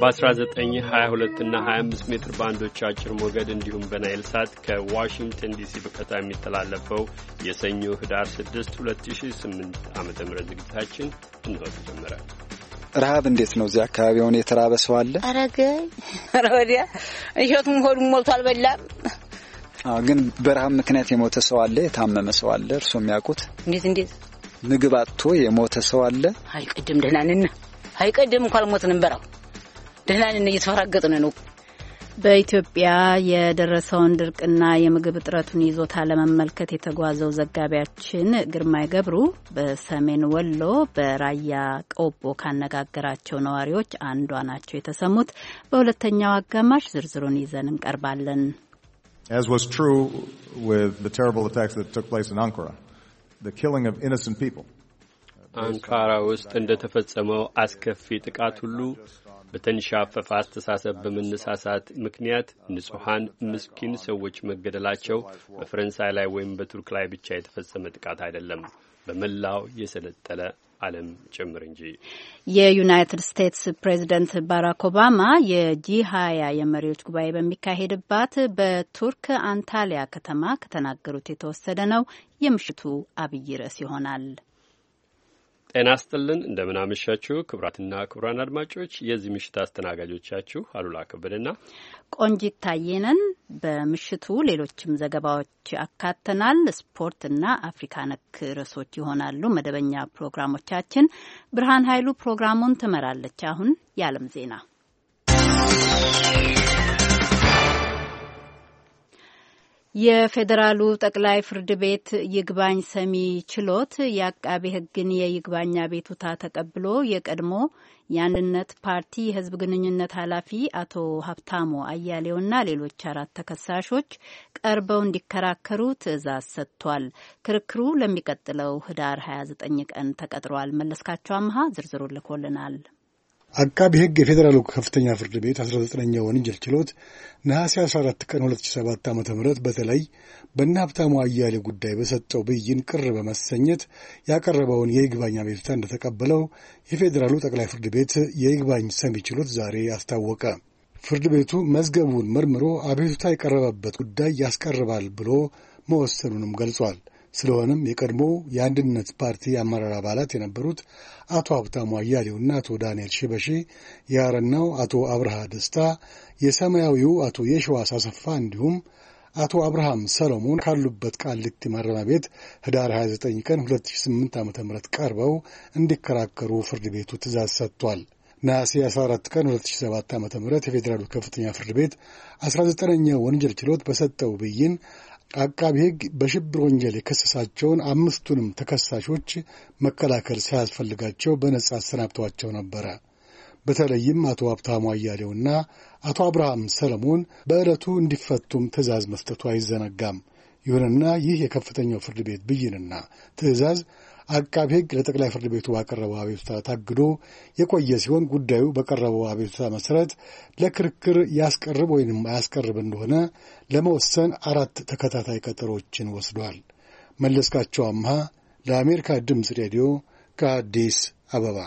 በ1922 እና 25 ሜትር ባንዶች አጭር ሞገድ እንዲሁም በናይል ሳት ከዋሽንግተን ዲሲ በቀጥታ የሚተላለፈው የሰኞ ህዳር 6 2008 ዓ ም ዝግጅታችን እንሆ ተጀመረ። ረሃብ እንዴት ነው? እዚያ አካባቢ ሆነ የተራበ ሰው አለ? አረገኝ ወዲያ እሸቱም ሆዱም ሞልቶ አልበላም። ግን በረሃብ ምክንያት የሞተ ሰው አለ? የታመመ ሰው አለ? እርሶ የሚያውቁት እንዴት እንዴት ምግብ አጥቶ የሞተ ሰው አለ? አይቀድም ደህናንና አይቀድም እንኳ አልሞትን በራው ደህናን እየተፈራገጥን ነው። በኢትዮጵያ የደረሰውን ድርቅና የምግብ እጥረቱን ይዞታ ለመመልከት የተጓዘው ዘጋቢያችን ግርማይ ገብሩ በሰሜን ወሎ በራያ ቆቦ ካነጋገራቸው ነዋሪዎች አንዷ ናቸው የተሰሙት። በሁለተኛው አጋማሽ ዝርዝሩን ይዘን እንቀርባለን። As was true with the terrible attacks that took place in Ankara, the killing of innocent people. አንካራ ውስጥ እንደተፈጸመው አስከፊ ጥቃት ሁሉ በተንሻፈፈ አስተሳሰብ በመነሳሳት ምክንያት ንጹሐን ምስኪን ሰዎች መገደላቸው በፈረንሳይ ላይ ወይም በቱርክ ላይ ብቻ የተፈጸመ ጥቃት አይደለም፣ በመላው የሰለጠለ ዓለም ጭምር እንጂ። የዩናይትድ ስቴትስ ፕሬዚደንት ባራክ ኦባማ የጂ ሀያ የመሪዎች ጉባኤ በሚካሄድባት በቱርክ አንታሊያ ከተማ ከተናገሩት የተወሰደ ነው። የምሽቱ አብይ ርዕስ ይሆናል። ጤና ስጥልን እንደምናመሻችሁ ክቡራትና ክቡራን አድማጮች የዚህ ምሽት አስተናጋጆቻችሁ አሉላ ከበደና ቆንጂት ታየነን በምሽቱ ሌሎችም ዘገባዎች አካተናል። ስፖርትና አፍሪካ ነክ ርዕሶች ይሆናሉ መደበኛ ፕሮግራሞቻችን። ብርሃን ኃይሉ ፕሮግራሙን ትመራለች። አሁን የዓለም ዜና የፌዴራሉ ጠቅላይ ፍርድ ቤት ይግባኝ ሰሚ ችሎት የአቃቤ ሕግን የይግባኝ አቤቱታ ተቀብሎ የቀድሞ የአንድነት ፓርቲ የህዝብ ግንኙነት ኃላፊ አቶ ሀብታሙ አያሌውና ሌሎች አራት ተከሳሾች ቀርበው እንዲከራከሩ ትዕዛዝ ሰጥቷል። ክርክሩ ለሚቀጥለው ህዳር 29 ቀን ተቀጥሯል። መለስካቸው አምሃ ዝርዝሩ ልኮልናል። አቃቢ ሕግ የፌዴራሉ ከፍተኛ ፍርድ ቤት 19ኛ ወንጀል ችሎት ነሐሴ 14 ቀን 2007 ዓ ም በተለይ በእነ ሀብታሙ አያሌ ጉዳይ በሰጠው ብይን ቅር በመሰኘት ያቀረበውን የይግባኝ አቤቱታ እንደተቀበለው የፌዴራሉ ጠቅላይ ፍርድ ቤት የይግባኝ ሰሚ ችሎት ዛሬ አስታወቀ። ፍርድ ቤቱ መዝገቡን መርምሮ አቤቱታ የቀረበበት ጉዳይ ያስቀርባል ብሎ መወሰኑንም ገልጿል። ስለሆነም የቀድሞ የአንድነት ፓርቲ አመራር አባላት የነበሩት አቶ ሀብታሙ አያሌውና አቶ ዳንኤል ሽበሺ፣ የአረናው አቶ አብርሃ ደስታ፣ የሰማያዊው አቶ የሸዋስ አሰፋ እንዲሁም አቶ አብርሃም ሰሎሞን ካሉበት ቃሊቲ ማረሚያ ቤት ህዳር 29 ቀን 2008 ዓ ም ቀርበው እንዲከራከሩ ፍርድ ቤቱ ትእዛዝ ሰጥቷል። ነሐሴ 14 ቀን 2007 ዓ ም የፌዴራሉ ከፍተኛ ፍርድ ቤት 19ኛው ወንጀል ችሎት በሰጠው ብይን አቃቢ ሕግ በሽብር ወንጀል የከሰሳቸውን አምስቱንም ተከሳሾች መከላከል ሳያስፈልጋቸው በነጻ አሰናብተዋቸው ነበረ። በተለይም አቶ ሀብታሙ አያሌውና አቶ አብርሃም ሰለሞን በዕለቱ እንዲፈቱም ትዕዛዝ መስጠቱ አይዘነጋም። ይሁንና ይህ የከፍተኛው ፍርድ ቤት ብይንና ትእዛዝ አቃቢ ሕግ ለጠቅላይ ፍርድ ቤቱ ባቀረበው አቤቱታ ታግዶ የቆየ ሲሆን ጉዳዩ በቀረበው አቤቱታ መሰረት ለክርክር ያስቀርብ ወይንም አያስቀርብ እንደሆነ ለመወሰን አራት ተከታታይ ቀጠሮችን ወስዷል። መለስካቸው አምሃ ለአሜሪካ ድምፅ ሬዲዮ ከአዲስ አበባ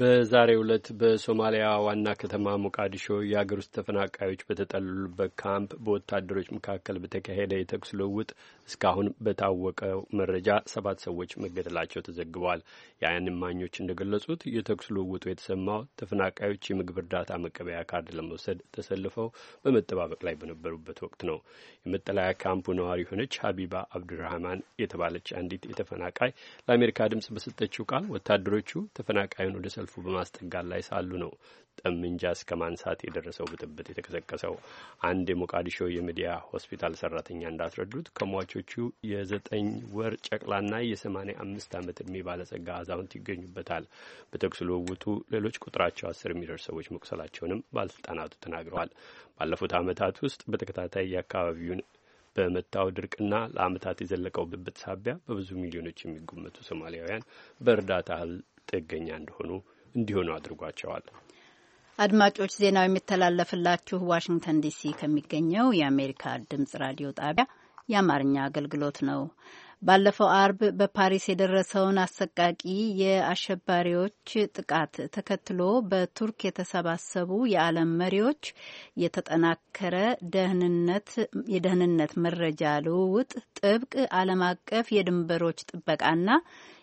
በዛሬ ዕለት በሶማሊያ ዋና ከተማ ሞቃዲሾ የአገር ውስጥ ተፈናቃዮች በተጠለሉበት ካምፕ በወታደሮች መካከል በተካሄደ የተኩስ ልውውጥ እስካሁን በታወቀው መረጃ ሰባት ሰዎች መገደላቸው ተዘግበዋል። የዓይን እማኞች እንደገለጹት የተኩስ ልውውጡ የተሰማው ተፈናቃዮች የምግብ እርዳታ መቀበያ ካርድ ለመውሰድ ተሰልፈው በመጠባበቅ ላይ በነበሩበት ወቅት ነው። የመጠለያ ካምፑ ነዋሪ የሆነች ሀቢባ አብዱራህማን የተባለች አንዲት የተፈናቃይ ለአሜሪካ ድምጽ በሰጠችው ቃል ወታደሮቹ ተፈናቃዩን ወደ ሰልፉ በማስጠጋት ላይ ሳሉ ነው ጠመንጃ እስከ ማንሳት የደረሰው ብጥብጥ የተቀሰቀሰው። አንድ የሞቃዲሾ የሚዲያ ሆስፒታል ሰራተኛ እንዳስረዱት ከሟቾቹ የዘጠኝ ወር ጨቅላና የሰማኒያ አምስት ዓመት ዕድሜ ባለጸጋ አዛውንት ይገኙበታል። በተኩስ ልውውጡ ሌሎች ቁጥራቸው አስር የሚደርስ ሰዎች መቁሰላቸውንም ባለስልጣናቱ ተናግረዋል። ባለፉት ዓመታት ውስጥ በተከታታይ የአካባቢውን በመታው ድርቅና ለዓመታት የዘለቀው ብጥብጥ ሳቢያ በብዙ ሚሊዮኖች የሚጎመቱ ሶማሊያውያን በእርዳታ እህል ጥገኛ እንደሆኑ እንዲሆኑ አድርጓቸዋል። አድማጮች ዜናው የሚተላለፍላችሁ ዋሽንግተን ዲሲ ከሚገኘው የአሜሪካ ድምጽ ራዲዮ ጣቢያ የአማርኛ አገልግሎት ነው። ባለፈው አርብ በፓሪስ የደረሰውን አሰቃቂ የአሸባሪዎች ጥቃት ተከትሎ በቱርክ የተሰባሰቡ የዓለም መሪዎች የተጠናከረ ደህንነት የደህንነት መረጃ ልውውጥ፣ ጥብቅ ዓለም አቀፍ የድንበሮች ጥበቃና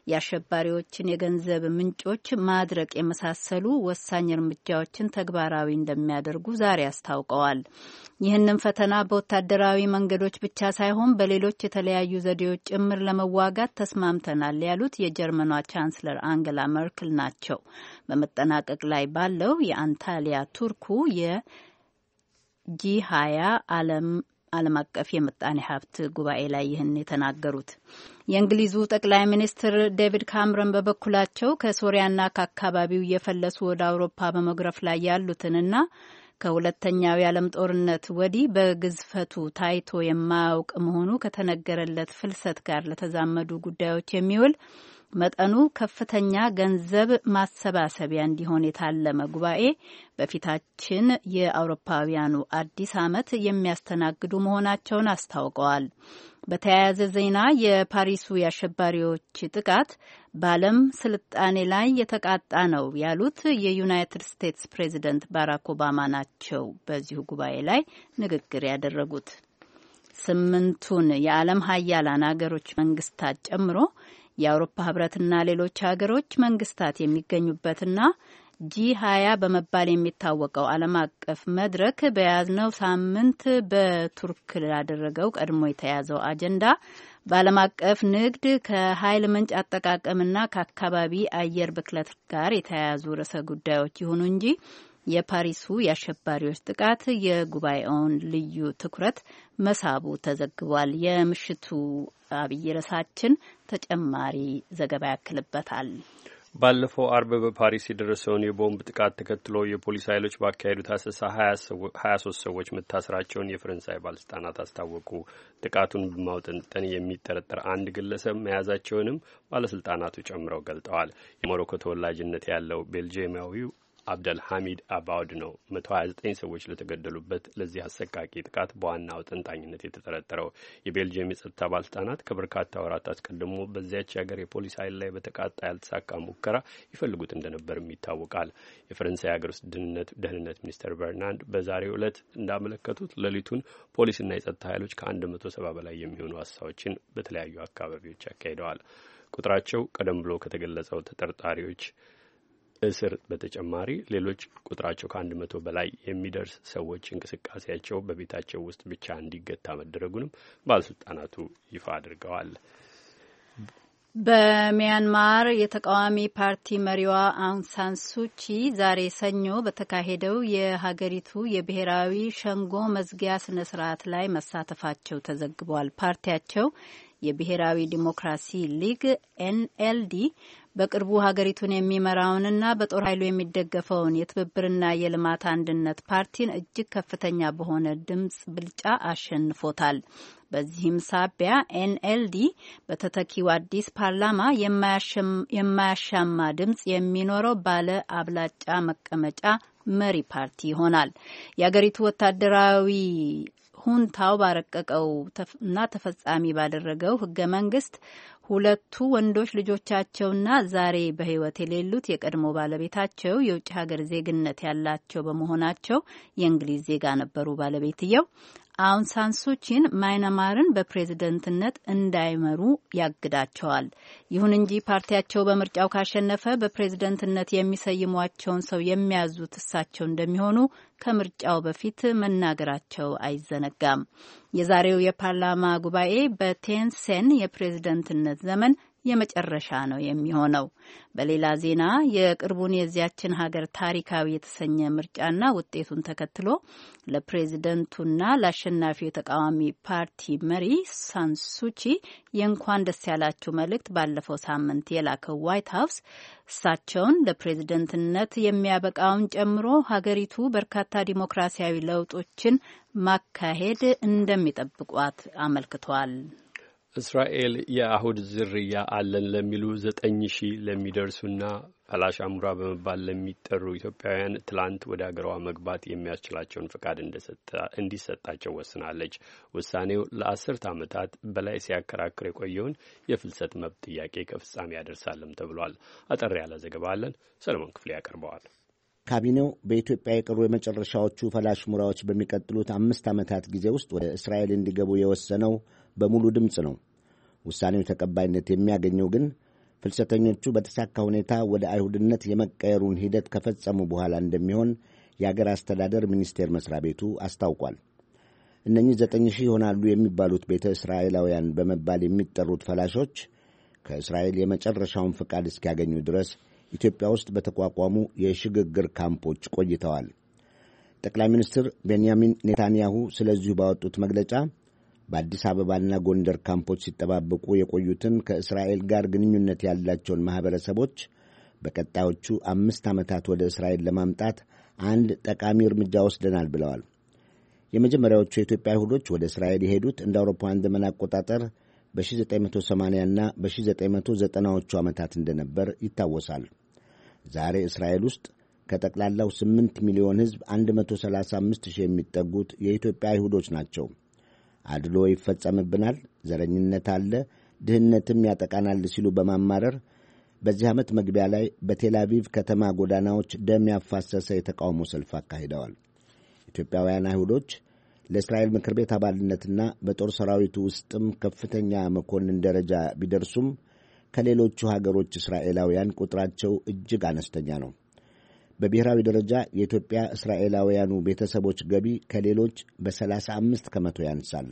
የአሸባሪዎችን የገንዘብ ምንጮች ማድረቅ የመሳሰሉ ወሳኝ እርምጃዎችን ተግባራዊ እንደሚያደርጉ ዛሬ አስታውቀዋል። ይህንን ፈተና በወታደራዊ መንገዶች ብቻ ሳይሆን በሌሎች የተለያዩ ዘዴዎች ጭምር ለመዋጋት ተስማምተናል ያሉት የጀርመኗ ቻንስለር አንገላ መርክል ናቸው። በመጠናቀቅ ላይ ባለው የአንታሊያ ቱርኩ የጂ ሀያ ዓለም አቀፍ የምጣኔ ሀብት ጉባኤ ላይ ይህን የተናገሩት የእንግሊዙ ጠቅላይ ሚኒስትር ዴቪድ ካምረን በበኩላቸው ከሶሪያና ከአካባቢው እየፈለሱ ወደ አውሮፓ በመጉረፍ ላይ ያሉትንና ከሁለተኛው የዓለም ጦርነት ወዲህ በግዝፈቱ ታይቶ የማያውቅ መሆኑ ከተነገረለት ፍልሰት ጋር ለተዛመዱ ጉዳዮች የሚውል መጠኑ ከፍተኛ ገንዘብ ማሰባሰቢያ እንዲሆን የታለመ ጉባኤ በፊታችን የአውሮፓውያኑ አዲስ ዓመት የሚያስተናግዱ መሆናቸውን አስታውቀዋል። በተያያዘ ዜና የፓሪሱ የአሸባሪዎች ጥቃት በዓለም ስልጣኔ ላይ የተቃጣ ነው ያሉት የዩናይትድ ስቴትስ ፕሬዚደንት ባራክ ኦባማ ናቸው። በዚሁ ጉባኤ ላይ ንግግር ያደረጉት ስምንቱን የዓለም ሀያላን ሀገሮች መንግስታት ጨምሮ የአውሮፓ ህብረትና ሌሎች ሀገሮች መንግስታት የሚገኙበትና ጂ ሀያ በመባል የሚታወቀው ዓለም አቀፍ መድረክ በያዝነው ሳምንት በቱርክ ላደረገው ቀድሞ የተያዘው አጀንዳ በዓለም አቀፍ ንግድ ከኃይል ምንጭ አጠቃቀምና ከአካባቢ አየር ብክለት ጋር የተያያዙ ርዕሰ ጉዳዮች ይሁኑ እንጂ የፓሪሱ የአሸባሪዎች ጥቃት የጉባኤውን ልዩ ትኩረት መሳቡ ተዘግቧል። የምሽቱ አብይ ርዕሳችን ተጨማሪ ዘገባ ያክልበታል። ባለፈው አርብ በፓሪስ የደረሰውን የቦምብ ጥቃት ተከትሎ የፖሊስ ኃይሎች ባካሄዱት አሰሳ ሀያ ሶስት ሰዎች መታሰራቸውን የፈረንሳይ ባለስልጣናት አስታወቁ። ጥቃቱን በማውጠንጠን የሚጠረጠር አንድ ግለሰብ መያዛቸውንም ባለስልጣናቱ ጨምረው ገልጠዋል። የሞሮኮ ተወላጅነት ያለው ቤልጂየማዊው አብደልሐሚድ አባውድ ነው 129 ሰዎች ለተገደሉበት ለዚህ አሰቃቂ ጥቃት በዋናው ጠንጣኝነት የተጠረጠረው። የቤልጅየም የጸጥታ ባለስልጣናት ከበርካታ ወራት አስቀድሞ በዚያች ሀገር የፖሊስ ኃይል ላይ በተቃጣ ያልተሳካ ሙከራ ይፈልጉት እንደነበርም ይታወቃል። የፈረንሳይ ሀገር ውስጥ ደህንነት ሚኒስትር በርናንድ በዛሬው ዕለት እንዳመለከቱት ሌሊቱን ፖሊስና የጸጥታ ኃይሎች ከአንድ መቶ ሰባ በላይ የሚሆኑ አሳዎችን በተለያዩ አካባቢዎች ያካሂደዋል። ቁጥራቸው ቀደም ብሎ ከተገለጸው ተጠርጣሪዎች እስር በተጨማሪ ሌሎች ቁጥራቸው ከአንድ መቶ በላይ የሚደርስ ሰዎች እንቅስቃሴያቸው በቤታቸው ውስጥ ብቻ እንዲገታ መደረጉንም ባለስልጣናቱ ይፋ አድርገዋል። በሚያንማር የተቃዋሚ ፓርቲ መሪዋ አንሳን ሱቺ ዛሬ ሰኞ በተካሄደው የሀገሪቱ የብሔራዊ ሸንጎ መዝጊያ ስነ ስርዓት ላይ መሳተፋቸው ተዘግቧል። ፓርቲያቸው የብሔራዊ ዲሞክራሲ ሊግ ኤንኤልዲ በቅርቡ ሀገሪቱን የሚመራውንና በጦር ኃይሉ የሚደገፈውን የትብብርና የልማት አንድነት ፓርቲን እጅግ ከፍተኛ በሆነ ድምፅ ብልጫ አሸንፎታል። በዚህም ሳቢያ ኤንኤልዲ በተተኪው አዲስ ፓርላማ የማያሻማ ድምፅ የሚኖረው ባለ አብላጫ መቀመጫ መሪ ፓርቲ ይሆናል። የአገሪቱ ወታደራዊ ሁንታው ባረቀቀው እና ተፈጻሚ ባደረገው ህገ መንግስት ሁለቱ ወንዶች ልጆቻቸውና ዛሬ በህይወት የሌሉት የቀድሞ ባለቤታቸው የውጭ ሀገር ዜግነት ያላቸው በመሆናቸው የእንግሊዝ ዜጋ ነበሩ ባለቤትየው አውንግ ሳንሱቺን ማይናማርን በፕሬዝደንትነት እንዳይመሩ ያግዳቸዋል። ይሁን እንጂ ፓርቲያቸው በምርጫው ካሸነፈ በፕሬዝደንትነት የሚሰይሟቸውን ሰው የሚያዙት እሳቸው እንደሚሆኑ ከምርጫው በፊት መናገራቸው አይዘነጋም። የዛሬው የፓርላማ ጉባኤ በቴንሴን የፕሬዝደንትነት ዘመን የመጨረሻ ነው የሚሆነው። በሌላ ዜና የቅርቡን የዚያችን ሀገር ታሪካዊ የተሰኘ ምርጫና ውጤቱን ተከትሎ ለፕሬዝደንቱና ለአሸናፊው የተቃዋሚ ፓርቲ መሪ ሳንሱቺ የእንኳን ደስ ያላችሁ መልእክት ባለፈው ሳምንት የላከው ዋይት ሀውስ እሳቸውን ለፕሬዝደንትነት የሚያበቃውን ጨምሮ ሀገሪቱ በርካታ ዲሞክራሲያዊ ለውጦችን ማካሄድ እንደሚጠብቋት አመልክቷል። እስራኤል የአሁድ ዝርያ አለን ለሚሉ ዘጠኝ ሺህ ለሚደርሱና ፈላሻ ሙራ በመባል ለሚጠሩ ኢትዮጵያውያን ትላንት ወደ አገሯ መግባት የሚያስችላቸውን ፈቃድ እንዲሰጣቸው ወስናለች። ውሳኔው ለአስርት ዓመታት በላይ ሲያከራክር የቆየውን የፍልሰት መብት ጥያቄ ከፍጻሜ ያደርሳልም ተብሏል። አጠር ያለ ዘገባ አለን፣ ሰለሞን ክፍሌ ያቀርበዋል። ካቢኔው በኢትዮጵያ የቀሩ የመጨረሻዎቹ ፈላሽ ሙራዎች በሚቀጥሉት አምስት ዓመታት ጊዜ ውስጥ ወደ እስራኤል እንዲገቡ የወሰነው በሙሉ ድምፅ ነው። ውሳኔው ተቀባይነት የሚያገኘው ግን ፍልሰተኞቹ በተሳካ ሁኔታ ወደ አይሁድነት የመቀየሩን ሂደት ከፈጸሙ በኋላ እንደሚሆን የአገር አስተዳደር ሚኒስቴር መስሪያ ቤቱ አስታውቋል። እነኚህ ዘጠኝ ሺህ ይሆናሉ የሚባሉት ቤተ እስራኤላውያን በመባል የሚጠሩት ፈላሾች ከእስራኤል የመጨረሻውን ፍቃድ እስኪያገኙ ድረስ ኢትዮጵያ ውስጥ በተቋቋሙ የሽግግር ካምፖች ቆይተዋል። ጠቅላይ ሚኒስትር ቤንያሚን ኔታንያሁ ስለዚሁ ባወጡት መግለጫ በአዲስ አበባና ጎንደር ካምፖች ሲጠባበቁ የቆዩትን ከእስራኤል ጋር ግንኙነት ያላቸውን ማኅበረሰቦች በቀጣዮቹ አምስት ዓመታት ወደ እስራኤል ለማምጣት አንድ ጠቃሚ እርምጃ ወስደናል ብለዋል። የመጀመሪያዎቹ የኢትዮጵያ አይሁዶች ወደ እስራኤል የሄዱት እንደ አውሮፓውያን ዘመን አቆጣጠር በ1980 ና በ1990ዎቹ ዓመታት እንደነበር ይታወሳል። ዛሬ እስራኤል ውስጥ ከጠቅላላው 8 ሚሊዮን ሕዝብ 135 ሺህ የሚጠጉት የኢትዮጵያ አይሁዶች ናቸው። አድሎ ይፈጸምብናል፣ ዘረኝነት አለ፣ ድህነትም ያጠቃናል ሲሉ በማማረር በዚህ ዓመት መግቢያ ላይ በቴላቪቭ ከተማ ጎዳናዎች ደም ያፋሰሰ የተቃውሞ ሰልፍ አካሂደዋል። ኢትዮጵያውያን አይሁዶች ለእስራኤል ምክር ቤት አባልነትና በጦር ሰራዊቱ ውስጥም ከፍተኛ መኮንን ደረጃ ቢደርሱም ከሌሎቹ ሀገሮች እስራኤላውያን ቁጥራቸው እጅግ አነስተኛ ነው። በብሔራዊ ደረጃ የኢትዮጵያ እስራኤላውያኑ ቤተሰቦች ገቢ ከሌሎች በ35 ከመቶ ያንሳል።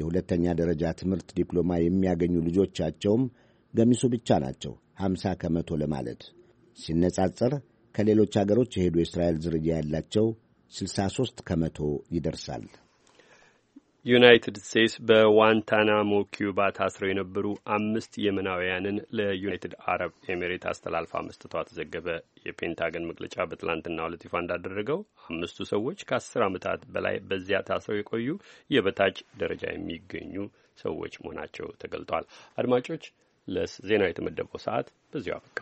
የሁለተኛ ደረጃ ትምህርት ዲፕሎማ የሚያገኙ ልጆቻቸውም ገሚሱ ብቻ ናቸው፣ 50 ከመቶ ለማለት ሲነጻጸር ከሌሎች አገሮች የሄዱ የእስራኤል ዝርያ ያላቸው 63 ከመቶ ይደርሳል። ዩናይትድ ስቴትስ በዋንታናሞ ኪዩባ ታስረው የነበሩ አምስት የመናውያንን ለዩናይትድ አረብ ኤሚሬት አስተላልፋ መስጠቷ ተዘገበ። የፔንታገን መግለጫ በትላንትና ዕለት ይፋ እንዳደረገው አምስቱ ሰዎች ከአስር ዓመታት በላይ በዚያ ታስረው የቆዩ የበታች ደረጃ የሚገኙ ሰዎች መሆናቸው ተገልጧል። አድማጮች፣ ለዜናው የተመደበው ሰዓት በዚያው አበቃ።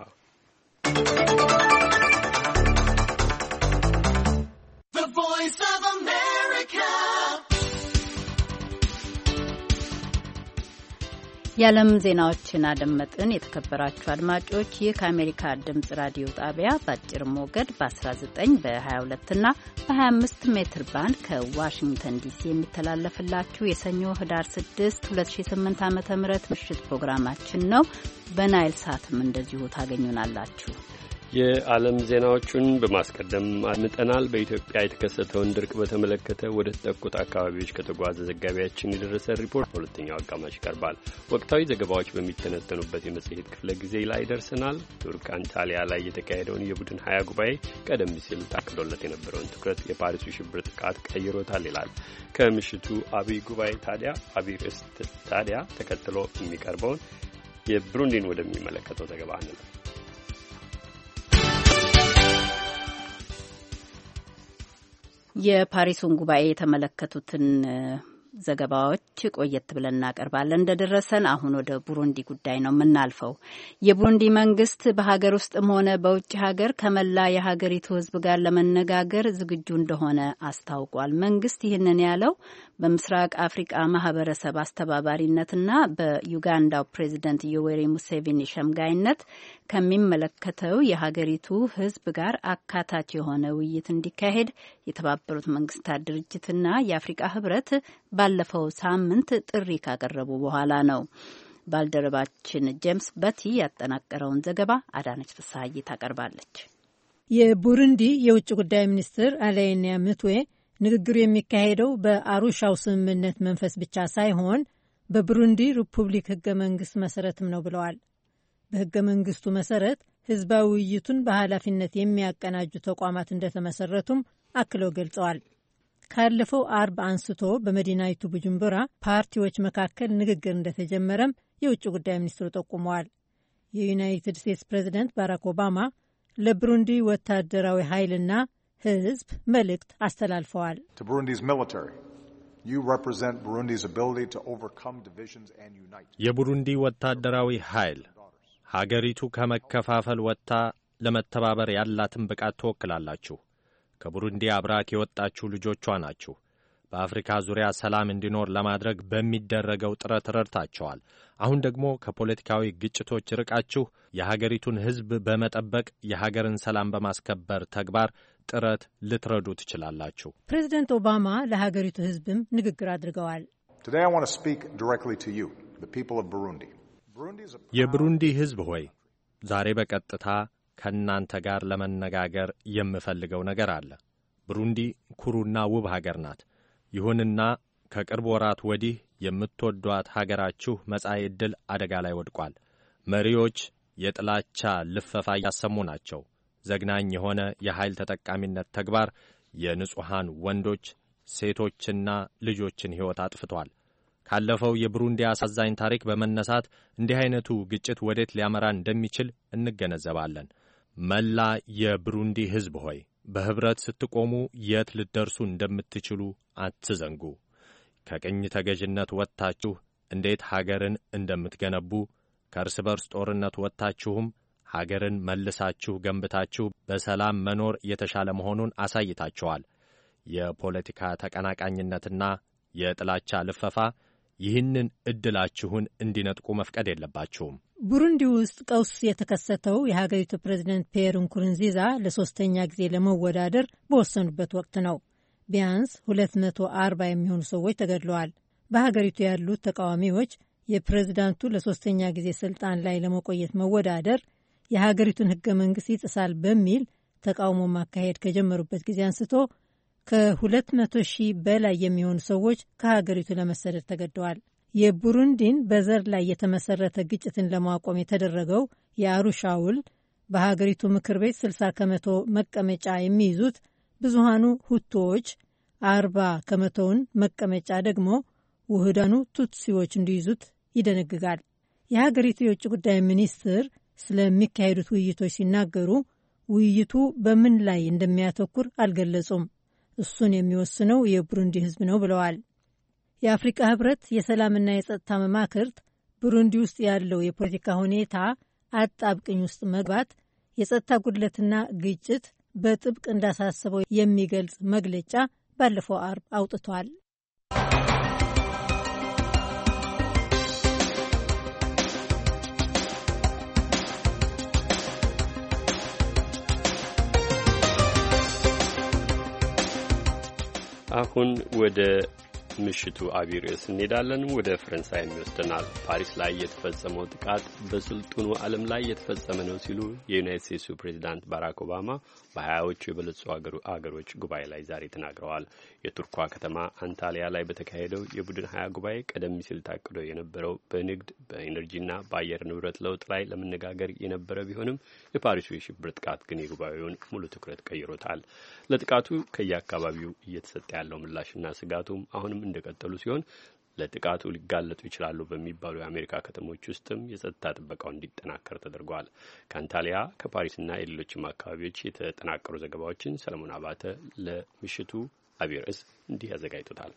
የዓለም ዜናዎችን አደመጥን። የተከበራችሁ አድማጮች፣ ይህ ከአሜሪካ ድምፅ ራዲዮ ጣቢያ በአጭር ሞገድ በ19 በ22 እና በ25 ሜትር ባንድ ከዋሽንግተን ዲሲ የሚተላለፍላችሁ የሰኞ ህዳር 6 2008 ዓ ም ምሽት ፕሮግራማችን ነው። በናይል ሳትም እንደዚሁ ታገኙናላችሁ። የዓለም ዜናዎቹን በማስቀደም አድምጠናል። በኢትዮጵያ የተከሰተውን ድርቅ በተመለከተ ወደ ተጠቁት አካባቢዎች ከተጓዘ ዘጋቢያችን የደረሰ ሪፖርት በሁለተኛው አጋማሽ ይቀርባል። ወቅታዊ ዘገባዎች በሚተነተኑበት የመጽሔት ክፍለ ጊዜ ላይ ደርሰናል። ቱርክ አንታሊያ ላይ የተካሄደውን የቡድን ሀያ ጉባኤ ቀደም ሲል ታቅዶለት የነበረውን ትኩረት የፓሪሱ ሽብር ጥቃት ቀይሮታል ይላል። ከምሽቱ አብይ ጉባኤ ታዲያ አብይ ርዕስ ታዲያ ተከትሎ የሚቀርበውን የብሩንዲን ወደሚመለከተው ዘገባ እንላል። የፓሪሱን ጉባኤ የተመለከቱትን ዘገባዎች ቆየት ብለን እናቀርባለን። እንደደረሰን አሁን ወደ ቡሩንዲ ጉዳይ ነው የምናልፈው። የቡሩንዲ መንግስት በሀገር ውስጥም ሆነ በውጭ ሀገር ከመላ የሀገሪቱ ሕዝብ ጋር ለመነጋገር ዝግጁ እንደሆነ አስታውቋል። መንግስት ይህንን ያለው በምስራቅ አፍሪቃ ማህበረሰብ አስተባባሪነትና በዩጋንዳው ፕሬዚደንት ዮዌሪ ሙሴቪኒ ሸምጋይነት ከሚመለከተው የሀገሪቱ ሕዝብ ጋር አካታች የሆነ ውይይት እንዲካሄድ የተባበሩት መንግስታት ድርጅትና የአፍሪቃ ህብረት ባለፈው ሳምንት ጥሪ ካቀረቡ በኋላ ነው። ባልደረባችን ጄምስ በቲ ያጠናቀረውን ዘገባ አዳነች ፍስሀይ ታቀርባለች። የቡሩንዲ የውጭ ጉዳይ ሚኒስትር አላይኒያ ምትዌ ንግግሩ የሚካሄደው በአሩሻው ስምምነት መንፈስ ብቻ ሳይሆን በብሩንዲ ሪፑብሊክ ህገ መንግስት መሰረትም ነው ብለዋል። በህገ መንግስቱ መሰረት ህዝባዊ ውይይቱን በኃላፊነት የሚያቀናጁ ተቋማት እንደተመሰረቱም አክለው ገልጸዋል። ካለፈው አርብ አንስቶ በመዲናይቱ ቡጅምቡራ ፓርቲዎች መካከል ንግግር እንደተጀመረም የውጭ ጉዳይ ሚኒስትሩ ጠቁመዋል። የዩናይትድ ስቴትስ ፕሬዚደንት ባራክ ኦባማ ለብሩንዲ ወታደራዊ ኃይልና ህዝብ መልእክት አስተላልፈዋል። የቡሩንዲ ወታደራዊ ኃይል ሀገሪቱ ከመከፋፈል ወጥታ ለመተባበር ያላትን ብቃት ትወክላላችሁ። ከቡሩንዲ አብራክ የወጣችሁ ልጆቿ ናችሁ። በአፍሪካ ዙሪያ ሰላም እንዲኖር ለማድረግ በሚደረገው ጥረት ረድታቸዋል። አሁን ደግሞ ከፖለቲካዊ ግጭቶች ርቃችሁ የሀገሪቱን ሕዝብ በመጠበቅ የሀገርን ሰላም በማስከበር ተግባር ጥረት ልትረዱ ትችላላችሁ። ፕሬዚደንት ኦባማ ለሀገሪቱ ሕዝብም ንግግር አድርገዋል። የብሩንዲ ሕዝብ ሆይ ዛሬ በቀጥታ ከእናንተ ጋር ለመነጋገር የምፈልገው ነገር አለ። ብሩንዲ ኩሩና ውብ ሀገር ናት። ይሁንና ከቅርብ ወራት ወዲህ የምትወዷት ሀገራችሁ መጻኢ ዕድል አደጋ ላይ ወድቋል። መሪዎች የጥላቻ ልፈፋ እያሰሙ ናቸው። ዘግናኝ የሆነ የኃይል ተጠቃሚነት ተግባር የንጹሐን ወንዶች ሴቶችና ልጆችን ሕይወት አጥፍቷል። ካለፈው የብሩንዲ አሳዛኝ ታሪክ በመነሳት እንዲህ አይነቱ ግጭት ወዴት ሊያመራ እንደሚችል እንገነዘባለን። መላ የብሩንዲ ሕዝብ ሆይ በኅብረት ስትቆሙ የት ልትደርሱ እንደምትችሉ አትዘንጉ። ከቅኝ ተገዥነት ወጥታችሁ እንዴት ሀገርን እንደምትገነቡ ከእርስ በርስ ጦርነት ወጥታችሁም ሀገርን መልሳችሁ ገንብታችሁ በሰላም መኖር የተሻለ መሆኑን አሳይታችኋል። የፖለቲካ ተቀናቃኝነትና የጥላቻ ልፈፋ ይህንን እድላችሁን እንዲነጥቁ መፍቀድ የለባችሁም። ቡሩንዲ ውስጥ ቀውስ የተከሰተው የሀገሪቱ ፕሬዚደንት ፒየር ንኩርንዚዛ ለሶስተኛ ጊዜ ለመወዳደር በወሰኑበት ወቅት ነው። ቢያንስ 240 የሚሆኑ ሰዎች ተገድለዋል። በሀገሪቱ ያሉት ተቃዋሚዎች የፕሬዚዳንቱ ለሶስተኛ ጊዜ ስልጣን ላይ ለመቆየት መወዳደር የሀገሪቱን ህገ መንግስት ይጥሳል በሚል ተቃውሞ ማካሄድ ከጀመሩበት ጊዜ አንስቶ ከ200 ሺህ በላይ የሚሆኑ ሰዎች ከሀገሪቱ ለመሰደድ ተገደዋል። የቡሩንዲን በዘር ላይ የተመሰረተ ግጭትን ለማቆም የተደረገው የአሩሻ ውል በሀገሪቱ ምክር ቤት 60 ከመቶ መቀመጫ የሚይዙት ብዙሃኑ ሁቶዎች፣ 40 ከመቶውን መቀመጫ ደግሞ ውህዳኑ ቱትሲዎች እንዲይዙት ይደነግጋል። የሀገሪቱ የውጭ ጉዳይ ሚኒስትር ስለሚካሄዱት ውይይቶች ሲናገሩ ውይይቱ በምን ላይ እንደሚያተኩር አልገለጹም። እሱን የሚወስነው የቡሩንዲ ሕዝብ ነው ብለዋል። የአፍሪቃ ህብረት የሰላምና የጸጥታ መማክርት ብሩንዲ ውስጥ ያለው የፖለቲካ ሁኔታ አጣብቅኝ ውስጥ መግባት፣ የጸጥታ ጉድለትና ግጭት በጥብቅ እንዳሳስበው የሚገልጽ መግለጫ ባለፈው አርብ አውጥቷል። አሁን ወደ ምሽቱ አቢይ እንሄዳለን። ወደ ፈረንሳይ ይወስደናል ፓሪስ ላይ የተፈጸመው ጥቃት በስልጡኑ ዓለም ላይ የተፈጸመ ነው ሲሉ የዩናይት ስቴትሱ ፕሬዚዳንት ባራክ ኦባማ በሀያዎቹ የበለጹ አገሮች ጉባኤ ላይ ዛሬ ተናግረዋል። የቱርኳ ከተማ አንታሊያ ላይ በተካሄደው የቡድን ሀያ ጉባኤ ቀደም ሲል ታቅዶ የነበረው በንግድ በኤነርጂና በአየር ንብረት ለውጥ ላይ ለመነጋገር የነበረ ቢሆንም የፓሪሱ የሽብር ጥቃት ግን የጉባኤውን ሙሉ ትኩረት ቀይሮታል። ለጥቃቱ ከየአካባቢው እየተሰጠ ያለው ምላሽና ስጋቱም አሁንም እንደቀጠሉ ሲሆን ለጥቃቱ ሊጋለጡ ይችላሉ በሚባሉ የአሜሪካ ከተሞች ውስጥም የጸጥታ ጥበቃው እንዲጠናከር ተደርጓል። ከአንታሊያ ከፓሪስና የሌሎችም አካባቢዎች የተጠናቀሩ ዘገባዎችን ሰለሞን አባተ ለምሽቱ አብይ ርዕስ እንዲህ ያዘጋጅቶታል።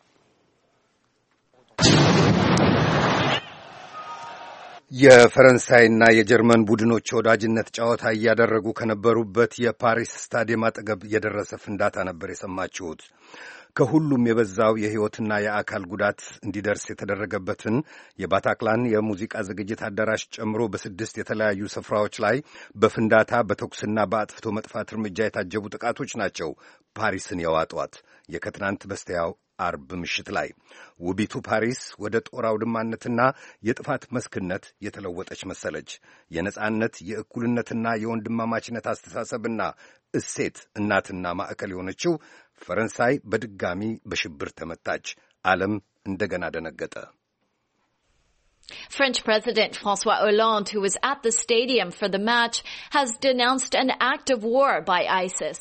የፈረንሳይና የጀርመን ቡድኖች ወዳጅነት ጨዋታ እያደረጉ ከነበሩበት የፓሪስ ስታዲየም አጠገብ የደረሰ ፍንዳታ ነበር የሰማችሁት። ከሁሉም የበዛው የሕይወትና የአካል ጉዳት እንዲደርስ የተደረገበትን የባታክላን የሙዚቃ ዝግጅት አዳራሽ ጨምሮ በስድስት የተለያዩ ስፍራዎች ላይ በፍንዳታ በተኩስና በአጥፍቶ መጥፋት እርምጃ የታጀቡ ጥቃቶች ናቸው ፓሪስን የዋጧት። የከትናንት በስቲያው አርብ ምሽት ላይ ውቢቱ ፓሪስ ወደ ጦር አውድማነትና የጥፋት መስክነት የተለወጠች መሰለች። የነጻነት የእኩልነትና የወንድማማችነት አስተሳሰብና እሴት እናትና ማዕከል የሆነችው ፈረንሳይ በድጋሚ በሽብር ተመታች። ዓለም እንደገና ደነገጠ። French President Francois Hollande, who was at the stadium for the match, has denounced an act of war by ISIS.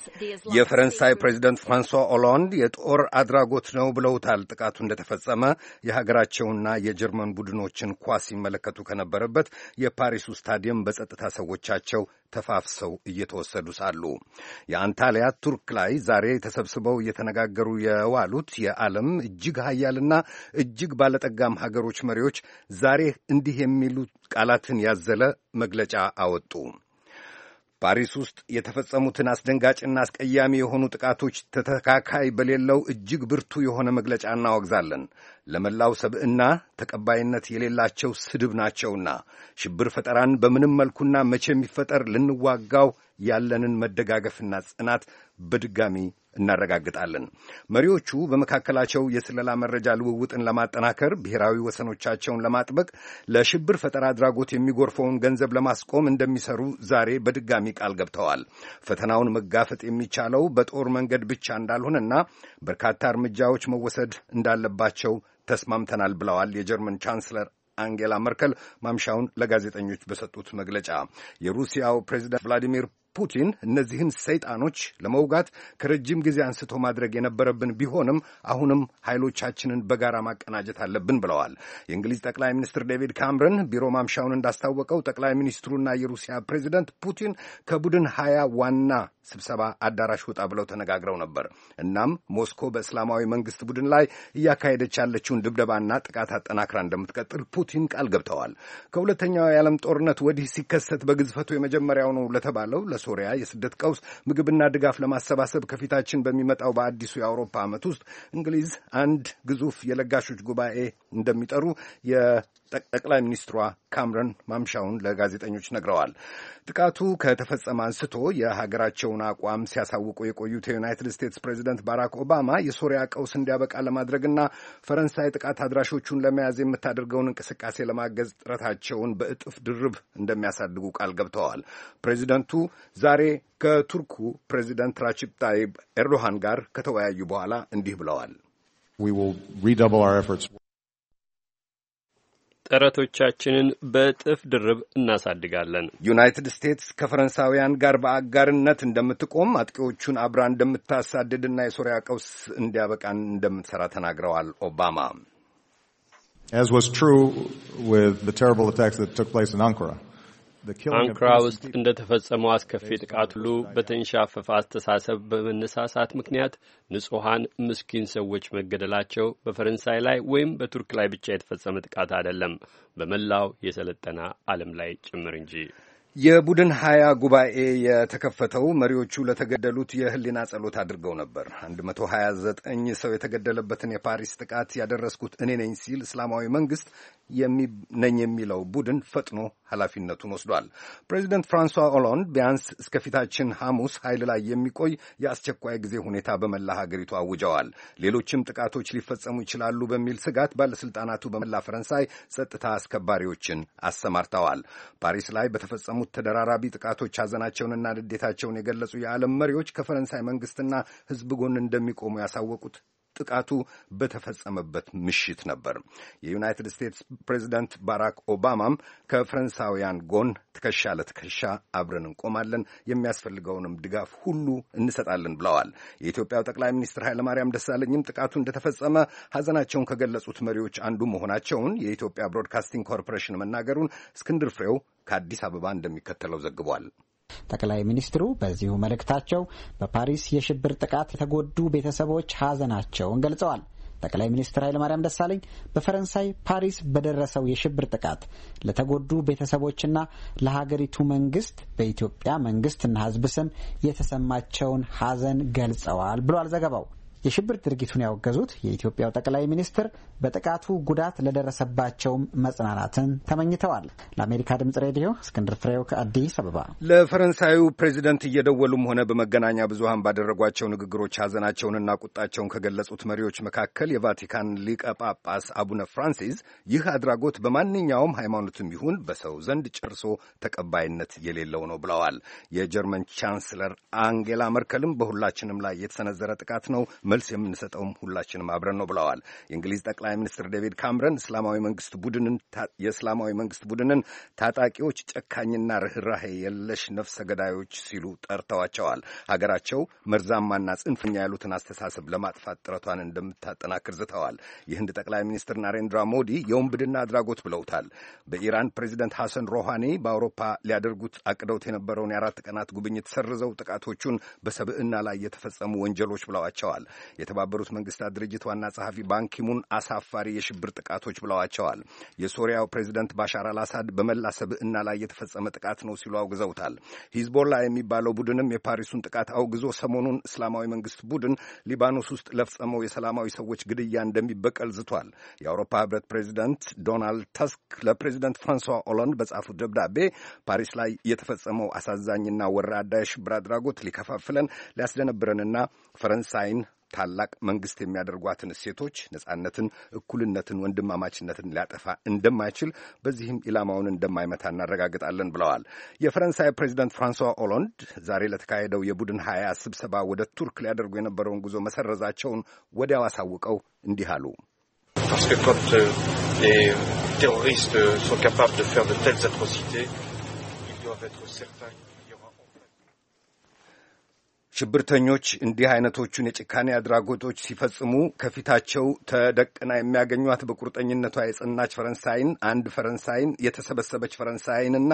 የፈረንሳይ ፕሬዚደንት ፍራንሷ ኦላንድ የጦር አድራጎት ነው ብለውታል። ጥቃቱ እንደተፈጸመ የሀገራቸውና የጀርመን ቡድኖችን ኳስ ሲመለከቱ ከነበረበት የፓሪሱ ስታዲየም በጸጥታ ሰዎቻቸው ተፋፍሰው እየተወሰዱ ሳሉ የአንታሊያ ቱርክ ላይ ዛሬ ተሰብስበው እየተነጋገሩ የዋሉት የዓለም እጅግ ሀያልና እጅግ ባለጠጋም ሀገሮች መሪዎች ዛሬ እንዲህ የሚሉ ቃላትን ያዘለ መግለጫ አወጡ። ፓሪስ ውስጥ የተፈጸሙትን አስደንጋጭና አስቀያሚ የሆኑ ጥቃቶች ተተካካይ በሌለው እጅግ ብርቱ የሆነ መግለጫ እናወግዛለን። ለመላው ሰብዕና ተቀባይነት የሌላቸው ስድብ ናቸውና ሽብር ፈጠራን በምንም መልኩና መቼ የሚፈጠር ልንዋጋው ያለንን መደጋገፍና ጽናት በድጋሚ እናረጋግጣለን። መሪዎቹ በመካከላቸው የስለላ መረጃ ልውውጥን ለማጠናከር፣ ብሔራዊ ወሰኖቻቸውን ለማጥበቅ፣ ለሽብር ፈጠራ አድራጎት የሚጎርፈውን ገንዘብ ለማስቆም እንደሚሰሩ ዛሬ በድጋሚ ቃል ገብተዋል። ፈተናውን መጋፈጥ የሚቻለው በጦር መንገድ ብቻ እንዳልሆነና በርካታ እርምጃዎች መወሰድ እንዳለባቸው ተስማምተናል ብለዋል የጀርመን ቻንስለር አንጌላ መርከል ማምሻውን ለጋዜጠኞች በሰጡት መግለጫ የሩሲያው ፕሬዚዳንት ቭላዲሚር ፑቲን እነዚህን ሰይጣኖች ለመውጋት ከረጅም ጊዜ አንስቶ ማድረግ የነበረብን ቢሆንም አሁንም ኃይሎቻችንን በጋራ ማቀናጀት አለብን ብለዋል። የእንግሊዝ ጠቅላይ ሚኒስትር ዴቪድ ካምረን ቢሮ ማምሻውን እንዳስታወቀው ጠቅላይ ሚኒስትሩና የሩሲያ ፕሬዚደንት ፑቲን ከቡድን ሀያ ዋና ስብሰባ አዳራሽ ወጣ ብለው ተነጋግረው ነበር። እናም ሞስኮ በእስላማዊ መንግስት ቡድን ላይ እያካሄደች ያለችውን ድብደባና ጥቃት አጠናክራ እንደምትቀጥል ፑቲን ቃል ገብተዋል። ከሁለተኛው የዓለም ጦርነት ወዲህ ሲከሰት በግዝፈቱ የመጀመሪያው ነው ለተባለው ለሶሪያ የስደት ቀውስ ምግብና ድጋፍ ለማሰባሰብ ከፊታችን በሚመጣው በአዲሱ የአውሮፓ ዓመት ውስጥ እንግሊዝ አንድ ግዙፍ የለጋሾች ጉባኤ እንደሚጠሩ የጠቅላይ ሚኒስትሯ ካምረን ማምሻውን ለጋዜጠኞች ነግረዋል። ጥቃቱ ከተፈጸመ አንስቶ የሀገራቸውን አቋም ሲያሳውቁ የቆዩት የዩናይትድ ስቴትስ ፕሬዚደንት ባራክ ኦባማ የሶሪያ ቀውስ እንዲያበቃ ለማድረግና ፈረንሳይ ጥቃት አድራሾቹን ለመያዝ የምታደርገውን እንቅስቃሴ ለማገዝ ጥረታቸውን በእጥፍ ድርብ እንደሚያሳድጉ ቃል ገብተዋል። ፕሬዚደንቱ ዛሬ ከቱርኩ ፕሬዚደንት ራችብ ጣይብ ኤርዶሃን ጋር ከተወያዩ በኋላ እንዲህ ብለዋል። ጥረቶቻችንን በእጥፍ ድርብ እናሳድጋለን። ዩናይትድ ስቴትስ ከፈረንሳውያን ጋር በአጋርነት እንደምትቆም አጥቂዎቹን አብራ እንደምታሳድድና የሶሪያ ቀውስ እንዲያበቃን እንደምትሰራ ተናግረዋል ኦባማ። as was true with the terrible attacks that took place in Ankara. አንክራ ውስጥ እንደ ተፈጸመው አስከፊ ጥቃት ሁሉ በተንሻፈፈ አስተሳሰብ በመነሳሳት ምክንያት ንጹሐን ምስኪን ሰዎች መገደላቸው በፈረንሳይ ላይ ወይም በቱርክ ላይ ብቻ የተፈጸመ ጥቃት አይደለም፣ በመላው የሰለጠነ ዓለም ላይ ጭምር እንጂ። የቡድን ሀያ ጉባኤ የተከፈተው መሪዎቹ ለተገደሉት የህሊና ጸሎት አድርገው ነበር። 129 ሰው የተገደለበትን የፓሪስ ጥቃት ያደረስኩት እኔ ነኝ ሲል እስላማዊ መንግስት ነኝ የሚለው ቡድን ፈጥኖ ኃላፊነቱን ወስዷል። ፕሬዚደንት ፍራንሷ ኦላንድ ቢያንስ እስከፊታችን ሐሙስ ኃይል ላይ የሚቆይ የአስቸኳይ ጊዜ ሁኔታ በመላ ሀገሪቱ አውጀዋል። ሌሎችም ጥቃቶች ሊፈጸሙ ይችላሉ በሚል ስጋት ባለሥልጣናቱ በመላ ፈረንሳይ ጸጥታ አስከባሪዎችን አሰማርተዋል። ፓሪስ ላይ በተፈጸሙ በተፈጸሙት ተደራራቢ ጥቃቶች ሐዘናቸውንና ንዴታቸውን የገለጹ የዓለም መሪዎች ከፈረንሳይ መንግስትና ህዝብ ጎን እንደሚቆሙ ያሳወቁት ጥቃቱ በተፈጸመበት ምሽት ነበር። የዩናይትድ ስቴትስ ፕሬዚደንት ባራክ ኦባማም ከፈረንሳውያን ጎን ትከሻ ለትከሻ አብረን እንቆማለን፣ የሚያስፈልገውንም ድጋፍ ሁሉ እንሰጣለን ብለዋል። የኢትዮጵያው ጠቅላይ ሚኒስትር ኃይለማርያም ደሳለኝም ጥቃቱ እንደተፈጸመ ሐዘናቸውን ከገለጹት መሪዎች አንዱ መሆናቸውን የኢትዮጵያ ብሮድካስቲንግ ኮርፖሬሽን መናገሩን እስክንድር ፍሬው ከአዲስ አበባ እንደሚከተለው ዘግቧል። ጠቅላይ ሚኒስትሩ በዚሁ መልእክታቸው በፓሪስ የሽብር ጥቃት የተጎዱ ቤተሰቦች ሀዘናቸውን ገልጸዋል። ጠቅላይ ሚኒስትር ኃይለማርያም ደሳለኝ በፈረንሳይ ፓሪስ በደረሰው የሽብር ጥቃት ለተጎዱ ቤተሰቦችና ለሀገሪቱ መንግስት በኢትዮጵያ መንግስትና ሕዝብ ስም የተሰማቸውን ሀዘን ገልጸዋል ብሏል ዘገባው። የሽብር ድርጊቱን ያወገዙት የኢትዮጵያው ጠቅላይ ሚኒስትር በጥቃቱ ጉዳት ለደረሰባቸውም መጽናናትን ተመኝተዋል። ለአሜሪካ ድምጽ ሬዲዮ እስክንድር ፍሬው ከአዲስ አበባ። ለፈረንሳዩ ፕሬዚደንት እየደወሉም ሆነ በመገናኛ ብዙሃን ባደረጓቸው ንግግሮች ሀዘናቸውንና ቁጣቸውን ከገለጹት መሪዎች መካከል የቫቲካን ሊቀ ጳጳስ አቡነ ፍራንሲስ ይህ አድራጎት በማንኛውም ሃይማኖትም ይሁን በሰው ዘንድ ጨርሶ ተቀባይነት የሌለው ነው ብለዋል። የጀርመን ቻንስለር አንጌላ መርከልም በሁላችንም ላይ የተሰነዘረ ጥቃት ነው መልስ የምንሰጠውም ሁላችንም አብረን ነው ብለዋል። የእንግሊዝ ጠቅላይ ሚኒስትር ዴቪድ ካምረን የእስላማዊ መንግስት ቡድንን የእስላማዊ መንግስት ቡድንን ታጣቂዎች ጨካኝና ርኅራሄ የለሽ ነፍሰ ገዳዮች ሲሉ ጠርተዋቸዋል። ሀገራቸው መርዛማና ጽንፈኛ ያሉትን አስተሳሰብ ለማጥፋት ጥረቷን እንደምታጠናክር ዝተዋል። የህንድ ጠቅላይ ሚኒስትር ናሬንድራ ሞዲ የወንብድና አድራጎት ብለውታል። በኢራን ፕሬዚደንት ሐሰን ሮሃኒ በአውሮፓ ሊያደርጉት አቅደውት የነበረውን የአራት ቀናት ጉብኝት ሰርዘው ጥቃቶቹን በሰብዕና ላይ የተፈጸሙ ወንጀሎች ብለዋቸዋል። የተባበሩት መንግስታት ድርጅት ዋና ጸሐፊ ባንኪሙን አሳፋሪ የሽብር ጥቃቶች ብለዋቸዋል። የሶሪያው ፕሬዚደንት ባሻር አልአሳድ በመላ ሰብዕና ላይ የተፈጸመ ጥቃት ነው ሲሉ አውግዘውታል። ሂዝቦላ የሚባለው ቡድንም የፓሪሱን ጥቃት አውግዞ ሰሞኑን እስላማዊ መንግስት ቡድን ሊባኖስ ውስጥ ለፈጸመው የሰላማዊ ሰዎች ግድያ እንደሚበቀል ዝቷል። የአውሮፓ ህብረት ፕሬዚደንት ዶናልድ ተስክ ለፕሬዚደንት ፍራንሷ ኦላንድ በጻፉት ደብዳቤ ፓሪስ ላይ የተፈጸመው አሳዛኝና ወራዳ የሽብር አድራጎት ሊከፋፍለን ሊያስደነብረንና ፈረንሳይን ታላቅ መንግስት የሚያደርጓትን እሴቶች ነጻነትን፣ እኩልነትን፣ ወንድማማችነትን ሊያጠፋ እንደማይችል በዚህም ኢላማውን እንደማይመታ እናረጋግጣለን ብለዋል። የፈረንሳይ ፕሬዚደንት ፍራንሷ ኦሎንድ ዛሬ ለተካሄደው የቡድን ሀያ ስብሰባ ወደ ቱርክ ሊያደርጉ የነበረውን ጉዞ መሰረዛቸውን ወዲያው አሳውቀው እንዲህ አሉ። ቴሮሪስት ሶ ካፓብ ደ ፌር ደ ቴልስ አትሮሲቴ ሽብርተኞች እንዲህ አይነቶቹን የጭካኔ አድራጎቶች ሲፈጽሙ ከፊታቸው ተደቅና የሚያገኟት በቁርጠኝነቷ የጸናች ፈረንሳይን፣ አንድ ፈረንሳይን፣ የተሰበሰበች ፈረንሳይንና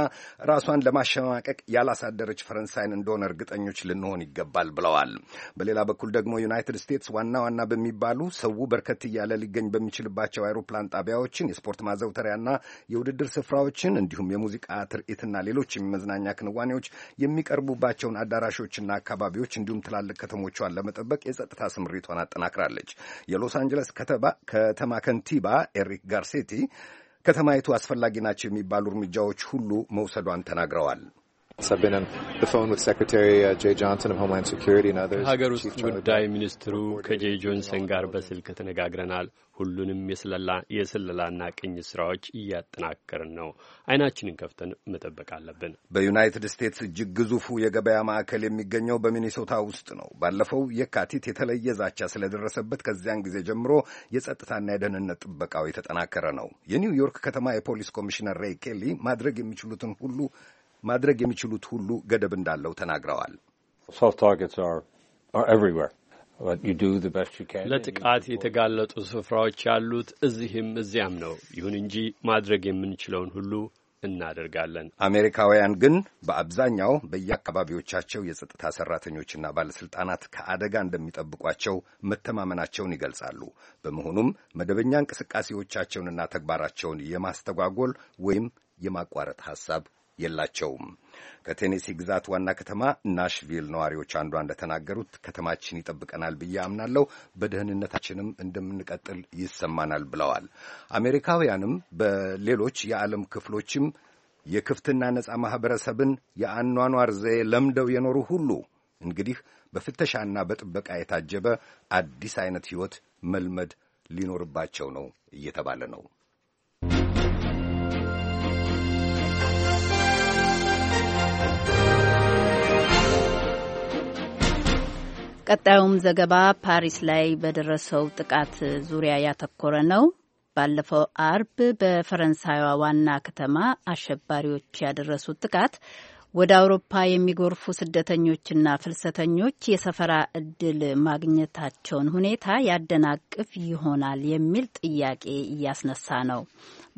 ራሷን ለማሸማቀቅ ያላሳደረች ፈረንሳይን እንደሆነ እርግጠኞች ልንሆን ይገባል ብለዋል። በሌላ በኩል ደግሞ ዩናይትድ ስቴትስ ዋና ዋና በሚባሉ ሰው በርከት እያለ ሊገኝ በሚችልባቸው አይሮፕላን ጣቢያዎችን፣ የስፖርት ማዘውተሪያና የውድድር ስፍራዎችን እንዲሁም የሙዚቃ ትርኢትና ሌሎች የመዝናኛ ክንዋኔዎች የሚቀርቡባቸውን አዳራሾችና አካባቢዎች መንገዶች እንዲሁም ትላልቅ ከተሞቿን ለመጠበቅ የጸጥታ ስምሪቷን አጠናክራለች። የሎስ አንጀለስ ከተማ ከንቲባ ኤሪክ ጋርሴቲ ከተማይቱ አስፈላጊ ናቸው የሚባሉ እርምጃዎች ሁሉ መውሰዷን ተናግረዋል። ከሀገር ውስጥ ጉዳይ ሚኒስትሩ ከጄ ጆንሰን ጋር በስልክ ተነጋግረናል። ሁሉንም የስለላና ቅኝ ስራዎች እያጠናከርን ነው። አይናችንን ከፍተን መጠበቅ አለብን። በዩናይትድ ስቴትስ እጅግ ግዙፉ የገበያ ማዕከል የሚገኘው በሚኒሶታ ውስጥ ነው። ባለፈው የካቲት የተለየ ዛቻ ስለደረሰበት ከዚያን ጊዜ ጀምሮ የጸጥታና የደህንነት ጥበቃው የተጠናከረ ነው። የኒውዮርክ ከተማ የፖሊስ ኮሚሽነር ሬይ ኬሊ ማድረግ የሚችሉትን ሁሉ ማድረግ የሚችሉት ሁሉ ገደብ እንዳለው ተናግረዋል። ለጥቃት የተጋለጡ ስፍራዎች ያሉት እዚህም እዚያም ነው። ይሁን እንጂ ማድረግ የምንችለውን ሁሉ እናደርጋለን። አሜሪካውያን ግን በአብዛኛው በየአካባቢዎቻቸው የጸጥታ ሠራተኞችና ባለሥልጣናት ከአደጋ እንደሚጠብቋቸው መተማመናቸውን ይገልጻሉ። በመሆኑም መደበኛ እንቅስቃሴዎቻቸውንና ተግባራቸውን የማስተጓጎል ወይም የማቋረጥ ሐሳብ የላቸውም። ከቴኔሲ ግዛት ዋና ከተማ ናሽቪል ነዋሪዎች አንዷ እንደተናገሩት ከተማችን ይጠብቀናል ብዬ አምናለሁ፣ በደህንነታችንም እንደምንቀጥል ይሰማናል ብለዋል። አሜሪካውያንም በሌሎች የዓለም ክፍሎችም የክፍትና ነጻ ማኅበረሰብን የአኗኗር ዘዬ ለምደው የኖሩ ሁሉ እንግዲህ በፍተሻና በጥበቃ የታጀበ አዲስ አይነት ሕይወት መልመድ ሊኖርባቸው ነው እየተባለ ነው። ቀጣዩም ዘገባ ፓሪስ ላይ በደረሰው ጥቃት ዙሪያ ያተኮረ ነው። ባለፈው አርብ በፈረንሳይዋ ዋና ከተማ አሸባሪዎች ያደረሱት ጥቃት ወደ አውሮፓ የሚጎርፉ ስደተኞችና ፍልሰተኞች የሰፈራ እድል ማግኘታቸውን ሁኔታ ያደናቅፍ ይሆናል የሚል ጥያቄ እያስነሳ ነው።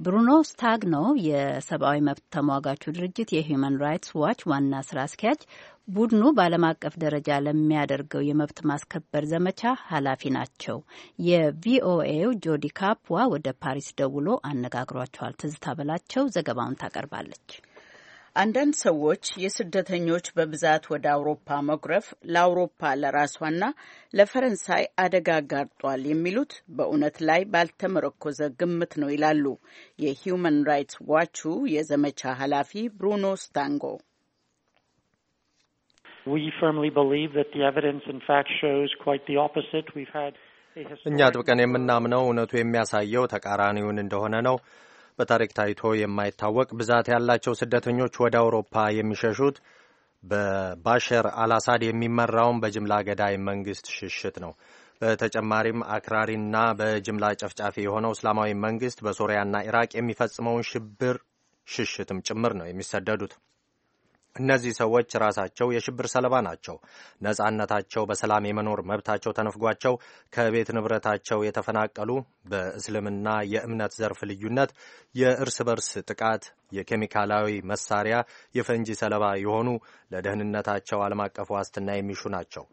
ብሩኖ ስታግኖ የሰብአዊ መብት ተሟጋቹ ድርጅት የሂዩማን ራይትስ ዋች ዋና ስራ አስኪያጅ ቡድኑ በዓለም አቀፍ ደረጃ ለሚያደርገው የመብት ማስከበር ዘመቻ ኃላፊ ናቸው። የቪኦኤው ጆዲ ካፕዋ ወደ ፓሪስ ደውሎ አነጋግሯቸዋል። ትዝታ በላቸው ዘገባውን ታቀርባለች። አንዳንድ ሰዎች የስደተኞች በብዛት ወደ አውሮፓ መጉረፍ ለአውሮፓ ለራሷና ለፈረንሳይ አደጋ አጋርጧል የሚሉት በእውነት ላይ ባልተመረኮዘ ግምት ነው ይላሉ የሂዩማን ራይትስ ዋቹ የዘመቻ ኃላፊ ብሩኖ ስታንጎ። እኛ ጥብቀን የምናምነው እውነቱ የሚያሳየው ተቃራኒውን እንደሆነ ነው። በታሪክ ታይቶ የማይታወቅ ብዛት ያላቸው ስደተኞች ወደ አውሮፓ የሚሸሹት በባሸር አልአሳድ የሚመራውን በጅምላ ገዳይ መንግስት ሽሽት ነው። በተጨማሪም አክራሪና በጅምላ ጨፍጫፊ የሆነው እስላማዊ መንግስት በሶሪያና ኢራቅ የሚፈጽመውን ሽብር ሽሽትም ጭምር ነው የሚሰደዱት። እነዚህ ሰዎች ራሳቸው የሽብር ሰለባ ናቸው። ነጻነታቸው፣ በሰላም የመኖር መብታቸው ተነፍጓቸው ከቤት ንብረታቸው የተፈናቀሉ በእስልምና የእምነት ዘርፍ ልዩነት የእርስ በርስ ጥቃት፣ የኬሚካላዊ መሳሪያ፣ የፈንጂ ሰለባ የሆኑ ለደህንነታቸው ዓለም አቀፍ ዋስትና የሚሹ ናቸው።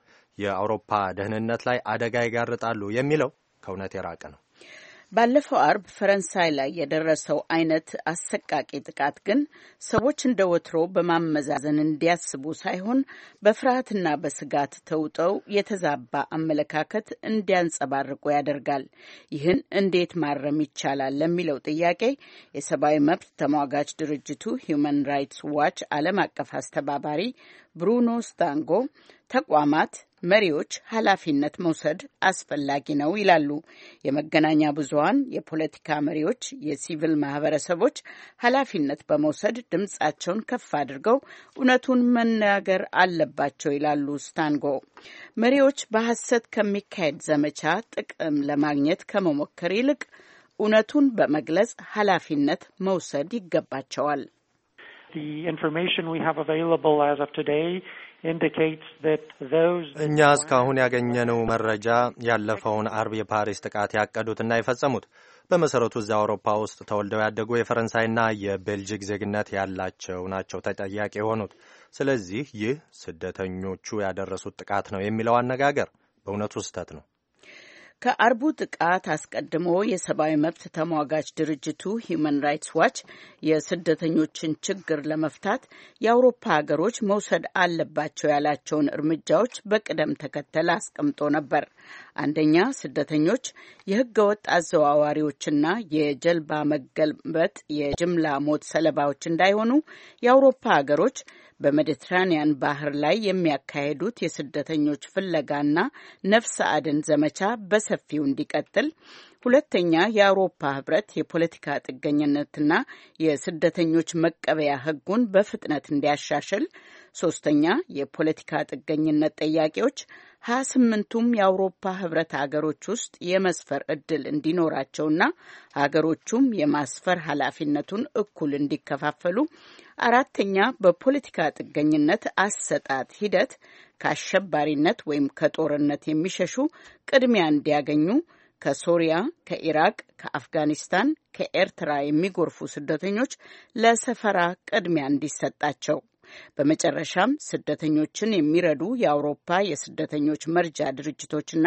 የአውሮፓ ደህንነት ላይ አደጋ ይጋርጣሉ የሚለው ከእውነት የራቀ ነው። ባለፈው አርብ ፈረንሳይ ላይ የደረሰው አይነት አሰቃቂ ጥቃት ግን ሰዎች እንደ ወትሮ በማመዛዘን እንዲያስቡ ሳይሆን በፍርሃትና በስጋት ተውጠው የተዛባ አመለካከት እንዲያንጸባርቁ ያደርጋል። ይህን እንዴት ማረም ይቻላል ለሚለው ጥያቄ የሰብአዊ መብት ተሟጋች ድርጅቱ ሂዩማን ራይትስ ዋች ዓለም አቀፍ አስተባባሪ ብሩኖ ስታንጎ ተቋማት መሪዎች ኃላፊነት መውሰድ አስፈላጊ ነው ይላሉ። የመገናኛ ብዙሃን የፖለቲካ መሪዎች፣ የሲቪል ማህበረሰቦች ኃላፊነት በመውሰድ ድምፃቸውን ከፍ አድርገው እውነቱን መናገር አለባቸው ይላሉ ስታንጎ። መሪዎች በሐሰት ከሚካሄድ ዘመቻ ጥቅም ለማግኘት ከመሞከር ይልቅ እውነቱን በመግለጽ ኃላፊነት መውሰድ ይገባቸዋል። The information we have available as of today እኛ እስካሁን ያገኘነው መረጃ ያለፈውን አርብ የፓሪስ ጥቃት ያቀዱትና የፈጸሙት በመሰረቱ እዚያ አውሮፓ ውስጥ ተወልደው ያደጉ የፈረንሳይና የቤልጂክ ዜግነት ያላቸው ናቸው ተጠያቂ የሆኑት። ስለዚህ ይህ ስደተኞቹ ያደረሱት ጥቃት ነው የሚለው አነጋገር በእውነቱ ስህተት ነው። ከአርቡ ጥቃት አስቀድሞ የሰብአዊ መብት ተሟጋች ድርጅቱ ሂዩማን ራይትስ ዋች የስደተኞችን ችግር ለመፍታት የአውሮፓ ሀገሮች መውሰድ አለባቸው ያላቸውን እርምጃዎች በቅደም ተከተል አስቀምጦ ነበር። አንደኛ ስደተኞች፣ የህገ ወጥ አዘዋዋሪዎችና የጀልባ መገልበጥ የጅምላ ሞት ሰለባዎች እንዳይሆኑ የአውሮፓ ሀገሮች በሜዲትራኒያን ባህር ላይ የሚያካሄዱት የስደተኞች ፍለጋና ነፍስ አድን ዘመቻ በሰፊው እንዲቀጥል፣ ሁለተኛ የአውሮፓ ህብረት የፖለቲካ ጥገኝነትና የስደተኞች መቀበያ ህጉን በፍጥነት እንዲያሻሽል፣ ሶስተኛ የፖለቲካ ጥገኝነት ጠያቂዎች ሀያ ስምንቱም የአውሮፓ ህብረት ሀገሮች ውስጥ የመስፈር እድል እንዲኖራቸውና ሀገሮቹም የማስፈር ኃላፊነቱን እኩል እንዲከፋፈሉ፣ አራተኛ በፖለቲካ ጥገኝነት አሰጣት ሂደት ከአሸባሪነት ወይም ከጦርነት የሚሸሹ ቅድሚያ እንዲያገኙ ከሶሪያ፣ ከኢራቅ፣ ከአፍጋኒስታን፣ ከኤርትራ የሚጎርፉ ስደተኞች ለሰፈራ ቅድሚያ እንዲሰጣቸው በመጨረሻም ስደተኞችን የሚረዱ የአውሮፓ የስደተኞች መርጃ ድርጅቶችና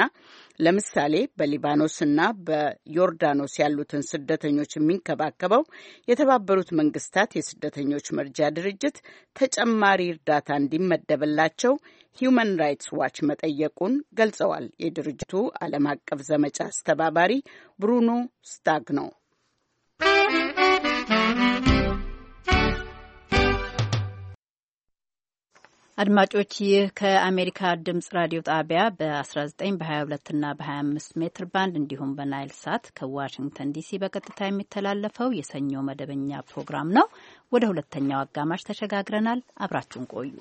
ለምሳሌ በሊባኖስና በዮርዳኖስ ያሉትን ስደተኞች የሚንከባከበው የተባበሩት መንግስታት የስደተኞች መርጃ ድርጅት ተጨማሪ እርዳታ እንዲመደብላቸው ሂዩማን ራይትስ ዋች መጠየቁን ገልጸዋል። የድርጅቱ ዓለም አቀፍ ዘመቻ አስተባባሪ ብሩኖ ስታግ ነው። አድማጮች ይህ ከአሜሪካ ድምጽ ራዲዮ ጣቢያ በ19 በ22ና በ25 ሜትር ባንድ እንዲሁም በናይል ሳት ከዋሽንግተን ዲሲ በቀጥታ የሚተላለፈው የሰኞ መደበኛ ፕሮግራም ነው። ወደ ሁለተኛው አጋማሽ ተሸጋግረናል። አብራችሁን ቆዩ።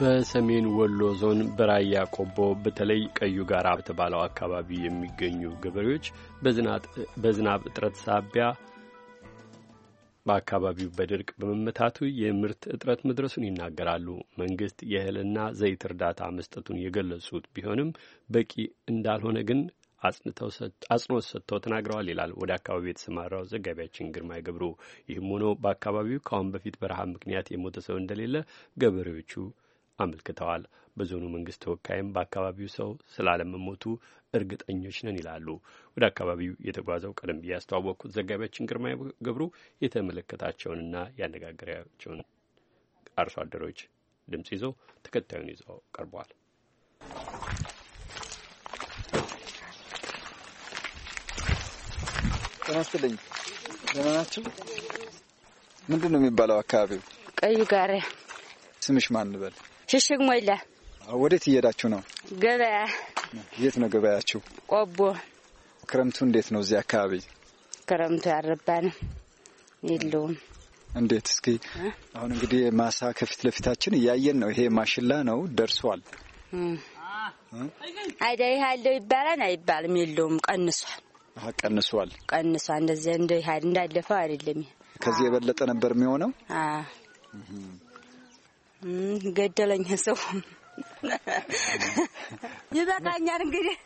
በሰሜን ወሎ ዞን በራያ ቆቦ በተለይ ቀዩ ጋራ በተባለው አካባቢ የሚገኙ ገበሬዎች በዝናብ እጥረት ሳቢያ በአካባቢው በድርቅ በመመታቱ የምርት እጥረት መድረሱን ይናገራሉ። መንግስት የእህልና ዘይት እርዳታ መስጠቱን የገለጹት ቢሆንም በቂ እንዳልሆነ ግን አጽንኦት ሰጥተው ተናግረዋል ይላል ወደ አካባቢው የተሰማራው ዘጋቢያችን ግርማ ይገብሩ። ይህም ሆኖ በአካባቢው ከአሁን በፊት በረሃብ ምክንያት የሞተ ሰው እንደሌለ ገበሬዎቹ አመልክተዋል። በዞኑ መንግስት ተወካይም በአካባቢው ሰው ስላለመሞቱ እርግጠኞች ነን ይላሉ። ወደ አካባቢው የተጓዘው ቀደም ብዬ ያስተዋወቅኩት ዘጋቢያችን ግርማ ገብሩ የተመለከታቸውንና ያነጋገራቸውን አርሶ አደሮች ድምፅ ይዞ ተከታዩን ይዞ ቀርቧል። ተመስልኝ ደህና ናችሁ? ምንድን ነው የሚባለው አካባቢው? ቀዩ ጋሪያ። ስምሽ ማን ንበል? ሽሽግ ሞላ ወዴት እየሄዳችሁ ነው? ገበያ። የት ነው ገበያችሁ? ቆቦ። ክረምቱ እንዴት ነው እዚህ አካባቢ? ክረምቱ ያረባንም የለውም። እንዴት እስኪ አሁን እንግዲህ ማሳ ከፊት ለፊታችን እያየን ነው። ይሄ ማሽላ ነው ደርሷል። አይዳ ይህ አለው ይባላል አይባልም? የለውም። ቀንሷል። ቀንሷል፣ ቀንሷል። እንደዚህ እንደ እንዳለፈው አይደለም። ከዚህ የበለጠ ነበር የሚሆነው። ገደለኝ ሰው ይበቃኛል እንግዲህ።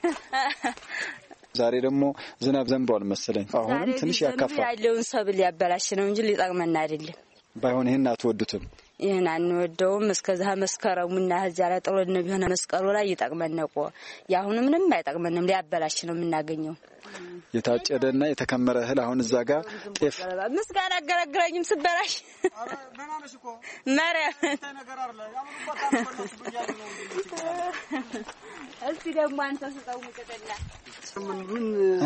ዛሬ ደግሞ ዝናብ ዘንቧል መሰለኝ። አሁንም ትንሽ ያካፋል። ያለውን ሰብል ሊያበላሽ ነው እንጂ ሊጠቅመና አይደለም። ባይሆን ይህን አትወዱትም ይህን አንወደውም። እስከዛ መስከረሙ ና እዚያ ላይ ጥሎ ቢሆነ መስቀሉ ላይ ይጠቅመን ነቆ የአሁኑ ምንም አይጠቅመንም፣ ሊያበላሽ ነው የምናገኘው። የታጨደ ና የተከመረ እህል አሁን እዛ ጋ ጤፍ ምስጋና አገለግለኝም ስበላሽ መሪያም እስቲ ደግሞ አንተ ስጠው።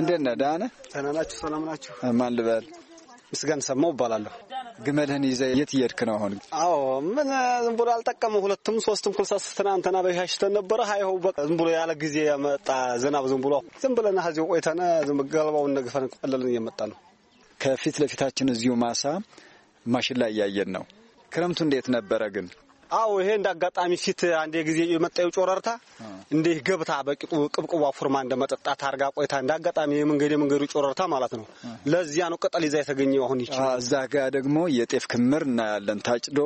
እንዴት ነህ? ዳነ ተናናችሁ ሰላም ናችሁ? ማን ልበል? ምስጋን ሰማው እባላለሁ። ግመልህን ይዘህ የት እየሄድክ ነው አሁን? አዎ ምን ዝም ብሎ አልጠቀሙ ሁለትም ሶስትም ኩልሳስ ትናንትና በሻሽተን ነበረ። ሀይሆ በቃ ዝም ብሎ ያለ ጊዜ የመጣ ዝናብ ዝም ብሎ ዝም ብለና ህዚ ቆይተነ ገለባውን ነግፈን ቀለልን እየመጣ ነው። ከፊት ለፊታችን እዚሁ ማሳ ማሽላ እያየን ነው። ክረምቱ እንዴት ነበረ ግን? አዎ ይሄ እንደ አጋጣሚ ፊት አንዴ ጊዜ የመጣው ጮረርታ እንዲህ ገብታ በቂጡ ቅብቅቧ ፉርማ እንደ መጠጣት አድርጋ ቆይታ እንደ አጋጣሚ የመንገድ የመንገዱ ጮረርታ ማለት ነው። ለዚያ ነው ቅጠል ይዛ የተገኘው። አሁን ይች እዛ ጋ ደግሞ የጤፍ ክምር እናያለን። ታጭዶ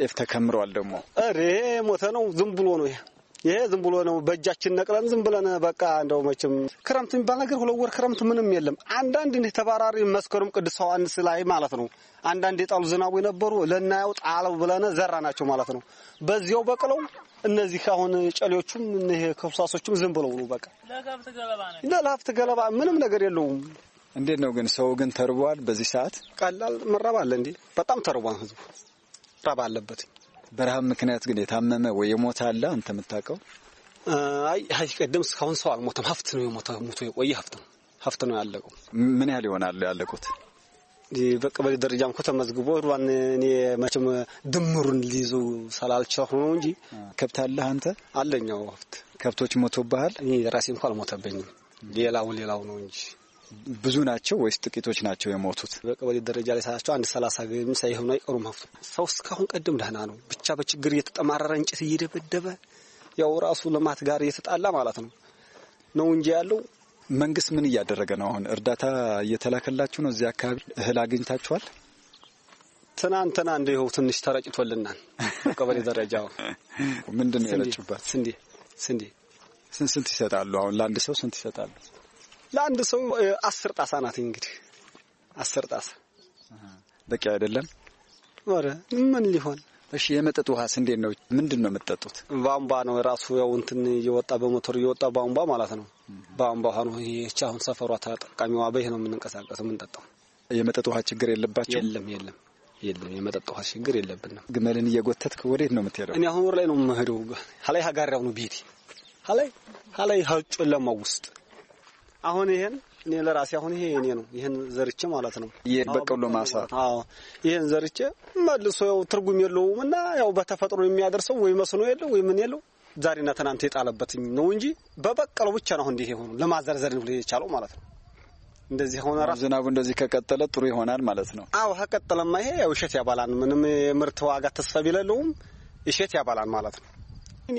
ጤፍ ተከምሯል። ደግሞ ይሄ ሞተ ነው። ዝም ብሎ ነው ይሄ ይሄ ዝም ብሎ ነው። በእጃችን ነቅለን ዝም ብለን በቃ እንደው መቼም ክረምት የሚባል ነገር ሁለት ወር ክረምት ምንም የለም። አንዳንድ እንዲህ ተባራሪ መስከረም ቅዱስ ዮሐንስ ላይ ማለት ነው አንዳንድ የጣሉ ዝናቡ የነበሩ ለናየው ጣለው ብለን ዘራ ናቸው ማለት ነው። በዚያው በቅለው እነዚህ አሁን ጨሌዎቹም እነዚህ ከብሳሶቹም ዝም ብለው ነው በቃ ለሀብት ገለባ ምንም ነገር የለውም። እንዴት ነው ግን ሰው ግን ተርቧል። በዚህ ሰዓት ቀላል መራብ አለ እንዴ? በጣም ተርቧል ህዝቡ፣ ረባ አለበት። በረሃብ ምክንያት ግን የታመመ ወይ የሞተ አለ አንተ የምታውቀው? አይ አይ ቀደም እስካሁን ሰው አልሞተም። ሀብት ነው የሞተ ሞቶ የቆየ ሀብት ነው ሀብት ነው ያለቀው። ምን ያህል ይሆናል ያለቁት? በቀበሌ ደረጃም እንኳ ተመዝግቦ ሯን እኔ መቼም ድምሩን ሊይዙ ስላልቻል ነው እንጂ ከብት አለህ አንተ? አለኛው ሀብት ከብቶች ሞቶብሃል? እኔ ራሴ እንኳ አልሞተብኝም። ሌላው ሌላው ነው እንጂ ብዙ ናቸው ወይስ ጥቂቶች ናቸው የሞቱት? በቀበሌ ደረጃ ላይ ሳያቸው አንድ ሰላሳ ገሚ ሳይሆኑ አይቀሩም። ሀብቱ ሰው እስካሁን ቀደም ደህና ነው፣ ብቻ በችግር እየተጠማረረ እንጨት እየደበደበ ያው ራሱ ልማት ጋር እየተጣላ ማለት ነው ነው እንጂ ያለው መንግስት ምን እያደረገ ነው? አሁን እርዳታ እየተላከላችሁ ነው? እዚያ አካባቢ እህል አግኝታችኋል? ትናንትና እንዲሁ ትንሽ ተረጭቶልናል። ቀበሌ ደረጃው ምንድን ነው የረጩባት? ስንዴ ስንዴ። ስንት ይሰጣሉ? አሁን ለአንድ ሰው ስንት ይሰጣሉ? ለአንድ ሰው አስር ጣሳ ናት እንግዲህ አስር ጣሳ በቂ አይደለም። ኧረ ምን ሊሆን እሺ የመጠጥ ውሃስ እንዴት ነው? ምንድን ነው የምትጠጡት? ቧንቧ ነው የራሱ ያው እንትን እየወጣ በሞተር እየወጣ ቧንቧ ማለት ነው። ቧንቧ ውሃ ነው። ይህች አሁን ሰፈሯ ተጠቃሚዋ በይህ ነው የምንንቀሳቀሰው የምንጠጣው። የመጠጥ ውሃ ችግር የለባቸው? የለም የለም የለም የመጠጥ ውሃ ችግር የለብንም። ግመልን እየጎተትክ ወዴት ነው የምትሄደው? እኔ አሁን ወር ላይ ነው የምሄደው። ሀላይ ሀጋሪያው ነው ቤቴ ሀላይ ሀላይ ለማ ውስጥ አሁን ይሄን እኔ ለራሴ አሁን ይሄ እኔ ነው ይህን ዘርቼ ማለት ነው በቆሎ ማሳ። አዎ ይህን ዘርቼ መልሶ ያው ትርጉም የለውም እና ያው በተፈጥሮ የሚያደርሰው ወይ መስኖ የለው ወይ ምን የለው ዛሬና ትናንት የጣለበትኝ ነው እንጂ በበቀለው ብቻ ነው አሁን እንዲህ የሆኑ ለማዘርዘር ነው የቻለው ማለት ነው። እንደዚህ ሆነ ራሱ ዝናቡ እንደዚህ ከቀጠለ ጥሩ ይሆናል ማለት ነው። አዎ ከቀጠለማ ይሄ ያው እሸት ያባላን ምንም የምርት ዋጋ ተስፋ ቢለለውም እሸት ያባላን ማለት ነው።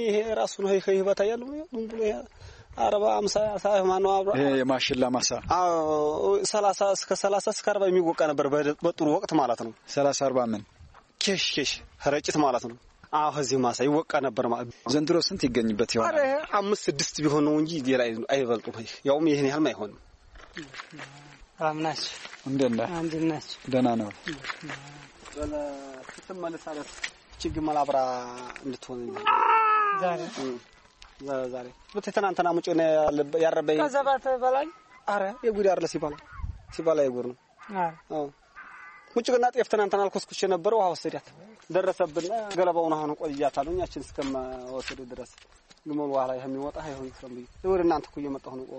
ይሄ ራሱን ይህ በታ ያለው ዝም ብሎ አርባ ሃምሳ ያሳ ማነው አብረ የማሽላ ማሳ ሰላሳ እስከ ሰላሳ እስከ አርባ የሚወቃ ነበር በጥሩ ወቅት ማለት ነው። ሰላሳ አርባ ምን ኬሽ ኬሽ ረጭት ማለት ነው። አሁ እዚህ ማሳ ይወቃ ነበር ማለት ዘንድሮ ስንት ይገኝበት ይሆናል? አምስት ስድስት ቢሆን ነው እንጂ ሌላ አይበልጡም። ያውም ይህን ያህልም አይሆንም። አምናች እንደና አንድናች ደህና ነው። ስትመለስ አለት መላብራ እንድትሆን ዛሬ ዛሬ ትናንትና ሙጭ ያረበኝ ከዘባት በላይ አረ የጉድ አለ ሲባላ ሲባላ የጉድ ነው። ሙጭ ግና ጤፍ ትናንትና አልኮስኩሽ የነበረ ውሃ ወሰዳት ደረሰብን። ገለባውን አሁን ቆይያታለሁ እኛችን እስከመወሰዱ ድረስ ግመል ውሃ የሚወጣ አይሆን ይችላል ወደ እናንተ እኮ እየመጣሁ ነው።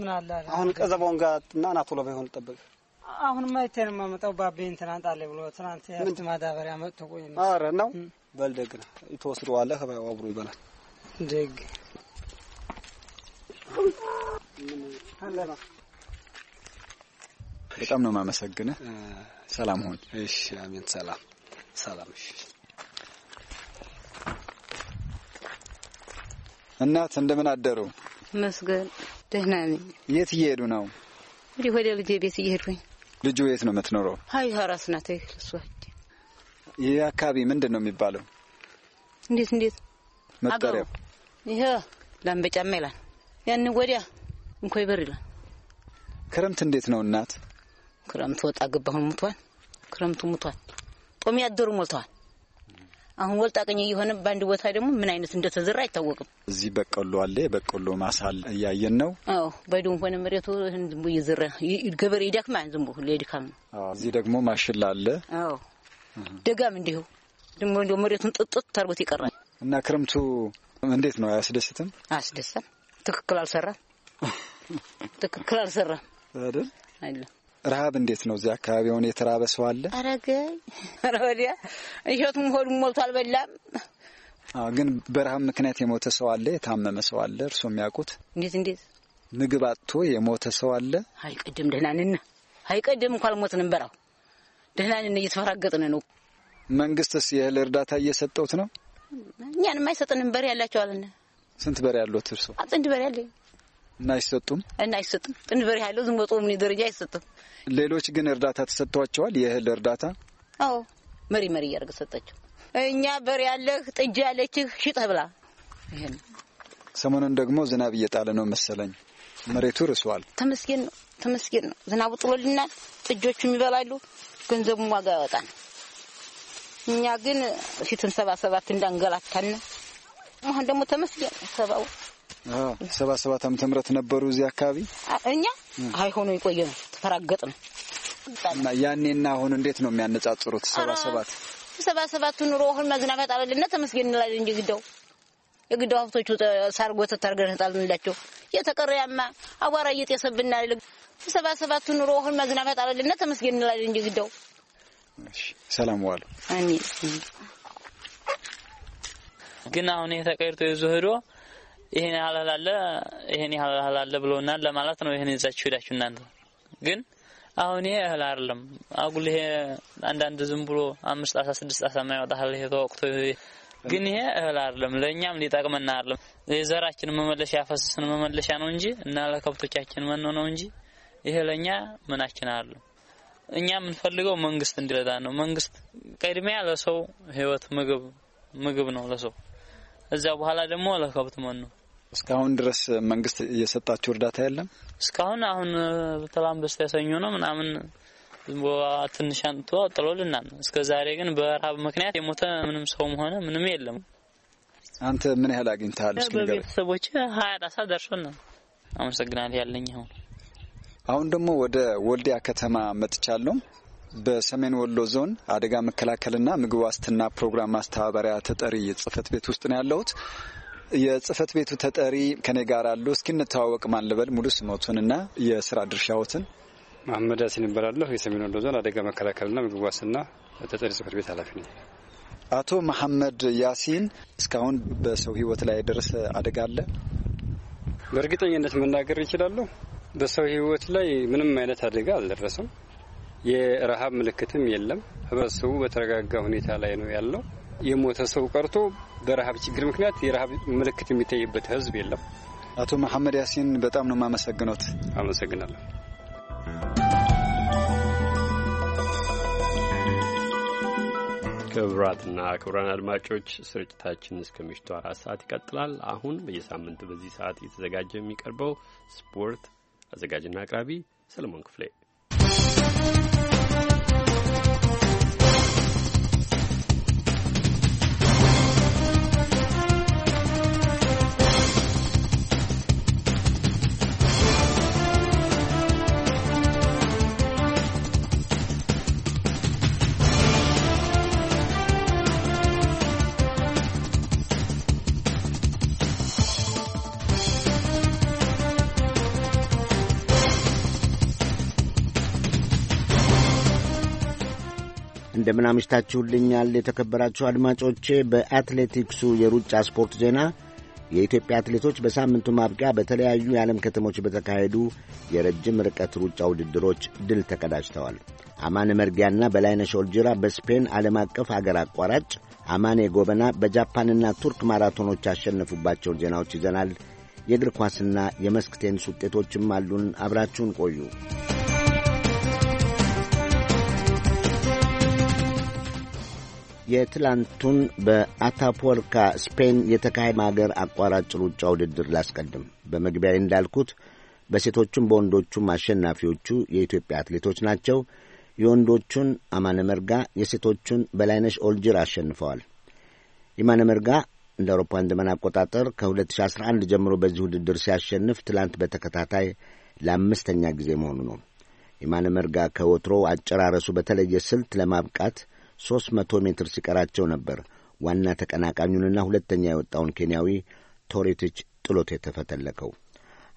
ምን አለ አሁን ቀዘባውን ጋር እና ናቶሎ ባይሆን ጠበቅ አሁን ማይተን ማመጣው ባቤን ትናንት አለ ብሎ ትናንት ማዳበሪያ መጥቶ ቆይ ነው። አረ ነው በልደግና ይተወስደዋለህ አብሮ ይበላል ደግ በጣም ነው የማመሰግንህ። ሰላም ሆን። እሺ፣ አሜን። ሰላም ሰላም። እሺ፣ እናት እንደምን አደሩ? መስገን ደህና ነኝ። የት እየሄዱ ነው? እንዲህ ወደ ልጅ ቤት እየሄድኩኝ። ልጁ የት ነው የምትኖረው? ሀይ ሀራስ ናት። እሷ ይህ አካባቢ ምንድን ነው የሚባለው? እንዴት እንዴት መጠሪያው ይሄ ላምበጫማ ይላል፣ ያን ወዲያ እንኳይ በር ይላል። ክረምት እንዴት ነው እናት? ክረምት ወጣ ገባሁን ሙቷል። ክረምቱ ሙቷል። ጦም ያደሩ ሞልተዋል። አሁን ወልጣ ቀኝ እየሆነ በአንድ ቦታ ደግሞ ምን አይነት እንደተዘራ አይታወቅም። እዚህ በቆሎ አለ፣ የበቆሎ ማሳል እያየን ነው። አዎ በዱም ሆነ መሬቱ ዝም እየዘራ ገበሬ ይደክማል። ዝም ብሎ ይደክማል። እዚህ ደግሞ ማሽላ አለ። አዎ ደጋም እንዲሁ ደግሞ መሬቱን ጥጥት ተርቦት ይቀራል እና ክረምቱ እንዴት ነው? አያስደስትም? አያስደስትም። ትክክል አልሰራም። ትክክል አልሰራም አይደል? ረሀብ እንዴት ነው? እዚያ አካባቢ ሆነ የተራበ ሰው አለ? አረገ ረወዲያ እሸቱም ሆዱ ሞልቶ አልበላም። ግን በረሀብ ምክንያት የሞተ ሰው አለ? የታመመ ሰው አለ? እርስዎ የሚያውቁት እንዴት እንዴት ምግብ አጥቶ የሞተ ሰው አለ? አይቀድም ደህናንና አይቀድም እንኳ አልሞትንም። በራው ደህናንን እየተፈራገጥን ነው። መንግስትስ የእህል እርዳታ እየሰጠውት ነው? እኛን የማይሰጡንም በሬ ያላቸው አለ። ስንት በሬ ያሉት እርሶ? ጥንድ በሬ አለኝ እና አይሰጡም እና አይሰጡም። ጥንድ በሬ ያለው ዝም ምን ደረጃ አይሰጥም። ሌሎች ግን እርዳታ ተሰጥቷቸዋል። የእህል እርዳታ አዎ፣ መሪ መሪ እያደረገ ሰጠችው። እኛ በሬ ያለህ ጥጃ ያለችህ ሽጠህ ብላ። ይሄን ሰሞኑን ደግሞ ዝናብ እየጣለ ነው መሰለኝ መሬቱ ርሷል። ተመስገን ነው ተመስገን ነው። ዝናቡ ጥሎልናል። ጥጆቹም ይበላሉ። ገንዘቡም ዋጋ ያወጣል። እኛ ግን ፊትን ሰባ ሰባት እንዳንገላታን አሁን ደግሞ ተመስገን ሰባው ሰባ ሰባት ዓመተ ምህረት ነበሩ እዚህ አካባቢ እኛ አይሆኑ የቆየ ነው ተፈራገጥ ነው እና ያኔና አሁን እንዴት ነው የሚያነጻጽሩት? ሰባ ሰባት ሰባ ሰባቱ ኑሮ አሁን መዝናፈት አበልና ተመስገን እንላለን እንጂ ግደው የግደው ሀብቶቹ ሳርጎ ተታርገን ህጣልንላቸው የተቀረያማ አቧራ እየጤሰብና ሰባ ሰባቱ ኑሮ አሁን መዝናፈት አበልና ተመስገን እንላለን እንጂ ግደው ሰላም ዋሉ። ግን አሁን ይሄ ተቀይርቶ ይዞ ሄዶ ይሄን ያህል አለ ይሄን ያህል አለ ለማለት ነው። ይሄን ይዛችሁ ሄዳችሁ እናንተ ግን አሁን ይሄ እህል አይደለም አጉል ይሄ አንዳንድ ዝም ብሎ አምስት አስራ ስድስት አስራ የማይወጣ ይሄ ተወቅቶ ግን ይሄ እህል አይደለም ለእኛም ሊጠቅመና አይደለም የዘራችን መመለሻ ያፈሰስን መመለሻ ነው እንጂ እና ለከብቶቻችን መኖ ነው እንጂ ይሄ ለእኛ ምናችን አይደለም። እኛ የምንፈልገው መንግስት እንዲረዳ ነው። መንግስት ቅድሚያ ለሰው ህይወት ምግብ ምግብ ነው ለሰው እዚያ በኋላ ደግሞ ለከብት መኖ ነው። እስካሁን ድረስ መንግስት እየሰጣችሁ እርዳታ የለም። እስካሁን አሁን በተላም ደስታ ያሰኙ ነው ምናምን ትንሽ አንጥቶ ጥሎልናል። እስከ ዛሬ ግን በረሃብ ምክንያት የሞተ ምንም ሰውም ሆነ ምንም የለም። አንተ ምን ያህል አግኝተሃል? እስኪ ንገረኝ። ቤተሰቦች ሀያ ጣሳ ደርሶና አመሰግናለሁ። ያለኝ አሁን አሁን ደግሞ ወደ ወልዲያ ከተማ መጥቻለሁ። በሰሜን ወሎ ዞን አደጋ መከላከልና ምግብ ዋስትና ፕሮግራም ማስተባበሪያ ተጠሪ ጽህፈት ቤት ውስጥ ነው ያለሁት። የጽህፈት ቤቱ ተጠሪ ከኔ ጋር አሉ። እስኪ እንተዋወቅ። ማን ልበል? ሙሉ ስሞቱንና የስራ ድርሻዎትን። መሐመድ ያሲን ይባላለሁ። የሰሜን ወሎ ዞን አደጋ መከላከልና ምግብ ዋስትና ተጠሪ ጽህፈት ቤት ኃላፊ ነኝ። አቶ መሐመድ ያሲን፣ እስካሁን በሰው ህይወት ላይ የደረሰ አደጋ አለ? በእርግጠኝነት መናገር ይችላለሁ። በሰው ህይወት ላይ ምንም አይነት አደጋ አልደረሰም። የረሃብ ምልክትም የለም። ህብረተሰቡ በተረጋጋ ሁኔታ ላይ ነው ያለው። የሞተ ሰው ቀርቶ በረሃብ ችግር ምክንያት የረሃብ ምልክት የሚታይበት ህዝብ የለም። አቶ መሐመድ ያሲን በጣም ነው የማመሰግኖት። አመሰግናለሁ። ክቡራትና ክቡራን አድማጮች ስርጭታችን እስከ ምሽቱ አራት ሰዓት ይቀጥላል። አሁን በየሳምንቱ በዚህ ሰዓት እየተዘጋጀ የሚቀርበው ስፖርት አዘጋጅና አቅራቢ ሰለሞን ክፍሌ እንደምን አምሽታችሁልኛል የተከበራችሁ አድማጮቼ። በአትሌቲክሱ የሩጫ ስፖርት ዜና የኢትዮጵያ አትሌቶች በሳምንቱ ማብቂያ በተለያዩ የዓለም ከተሞች በተካሄዱ የረጅም ርቀት ሩጫ ውድድሮች ድል ተቀዳጅተዋል። አማኔ መርጊያና በላይነሽ ኦልጂራ በስፔን ዓለም አቀፍ አገር አቋራጭ፣ አማኔ ጎበና በጃፓንና ቱርክ ማራቶኖች ያሸነፉባቸውን ዜናዎች ይዘናል። የእግር ኳስና የመስክ ቴኒስ ውጤቶችም አሉን። አብራችሁን ቆዩ። የትላንቱን በአታፖልካ ስፔን የተካሄመ አገር አቋራጭ ሩጫ ውድድር ላስቀድም። በመግቢያ እንዳልኩት በሴቶቹም በወንዶቹም አሸናፊዎቹ የኢትዮጵያ አትሌቶች ናቸው። የወንዶቹን አማነ መርጋ፣ የሴቶቹን በላይነሽ ኦልጅር አሸንፈዋል። የማነ መርጋ እንደ አውሮፓውያን ዘመን አቆጣጠር ከ2011 ጀምሮ በዚህ ውድድር ሲያሸንፍ ትላንት በተከታታይ ለአምስተኛ ጊዜ መሆኑ ነው። የማነ መርጋ ከወትሮ አጨራረሱ በተለየ ስልት ለማብቃት ሦስት መቶ ሜትር ሲቀራቸው ነበር ዋና ተቀናቃኙንና ሁለተኛ የወጣውን ኬንያዊ ቶሬቲች ጥሎት የተፈተለከው።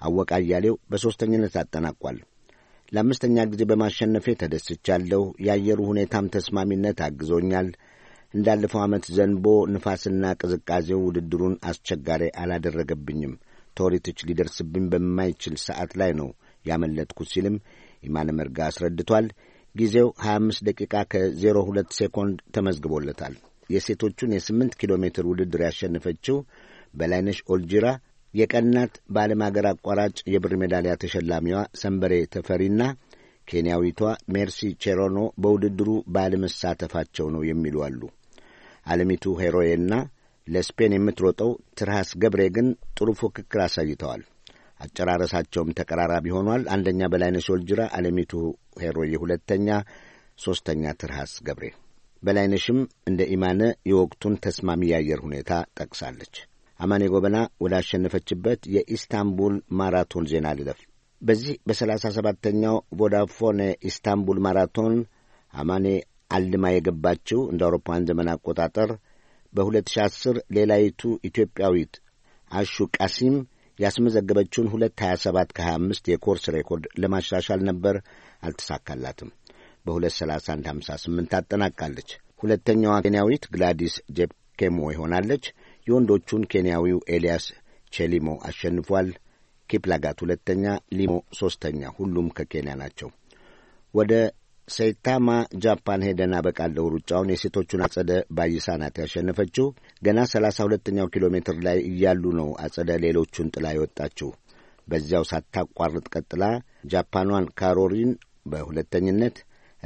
አወቃ ያሌው በሦስተኝነት አጠናቋል። ለአምስተኛ ጊዜ በማሸነፌ ተደስቻለሁ። የአየሩ ሁኔታም ተስማሚነት አግዞኛል። እንዳለፈው ዓመት ዘንቦ ንፋስና ቅዝቃዜው ውድድሩን አስቸጋሪ አላደረገብኝም። ቶሪትች ሊደርስብኝ በማይችል ሰዓት ላይ ነው ያመለጥኩት ሲልም ኢማነ መርጋ አስረድቷል። ጊዜው 25 ደቂቃ ከ02 ሴኮንድ ተመዝግቦለታል። የሴቶቹን የ8 ኪሎ ሜትር ውድድር ያሸነፈችው በላይነሽ ኦልጂራ የቀናት በዓለም አገር አቋራጭ የብር ሜዳሊያ ተሸላሚዋ ሰንበሬ ተፈሪና ኬንያዊቷ ሜርሲ ቼሮኖ በውድድሩ ባለመሳተፋቸው ነው የሚሉ አሉ። አለሚቱ ሄሮዬና ለስፔን የምትሮጠው ትርሃስ ገብሬ ግን ጥሩ ፉክክር አሳይተዋል። አጨራረሳቸውም ተቀራራቢ ሆኗል። አንደኛ በላይነሽ ኦልጅራ፣ አለሚቱ ሄሮዬ ሁለተኛ፣ ሦስተኛ ትርሃስ ገብሬ። በላይነሽም እንደ ኢማነ የወቅቱን ተስማሚ የአየር ሁኔታ ጠቅሳለች። አማኔ ጎበና ወዳሸነፈችበት የኢስታንቡል ማራቶን ዜና ልለፍ። በዚህ በሰላሳ ሰባተኛው ቮዳፎን የኢስታንቡል ማራቶን አማኔ አልማ የገባችው እንደ አውሮፓውያን ዘመን አቆጣጠር በ2010 ሌላይቱ ኢትዮጵያዊት አሹ ቃሲም ያስመዘገበችውን 227 ከ25 የኮርስ ሬኮርድ ለማሻሻል ነበር፣ አልተሳካላትም። በ23158 አጠናቃለች። ሁለተኛዋ ኬንያዊት ግላዲስ ጄፕኬሞ ይሆናለች። የወንዶቹን ኬንያዊው ኤልያስ ቼሊሞ አሸንፏል። ኪፕላጋት ሁለተኛ፣ ሊሞ ሦስተኛ። ሁሉም ከኬንያ ናቸው። ወደ ሰይታማ ጃፓን ሄደን አበቃለሁ ሩጫውን የሴቶቹን አጸደ ባይሳ ናት ያሸነፈችው። ገና ሰላሳ ሁለተኛው ኪሎ ሜትር ላይ እያሉ ነው አጸደ ሌሎቹን ጥላ የወጣችው። በዚያው ሳታቋርጥ ቀጥላ ጃፓኗን ካሮሪን በሁለተኝነት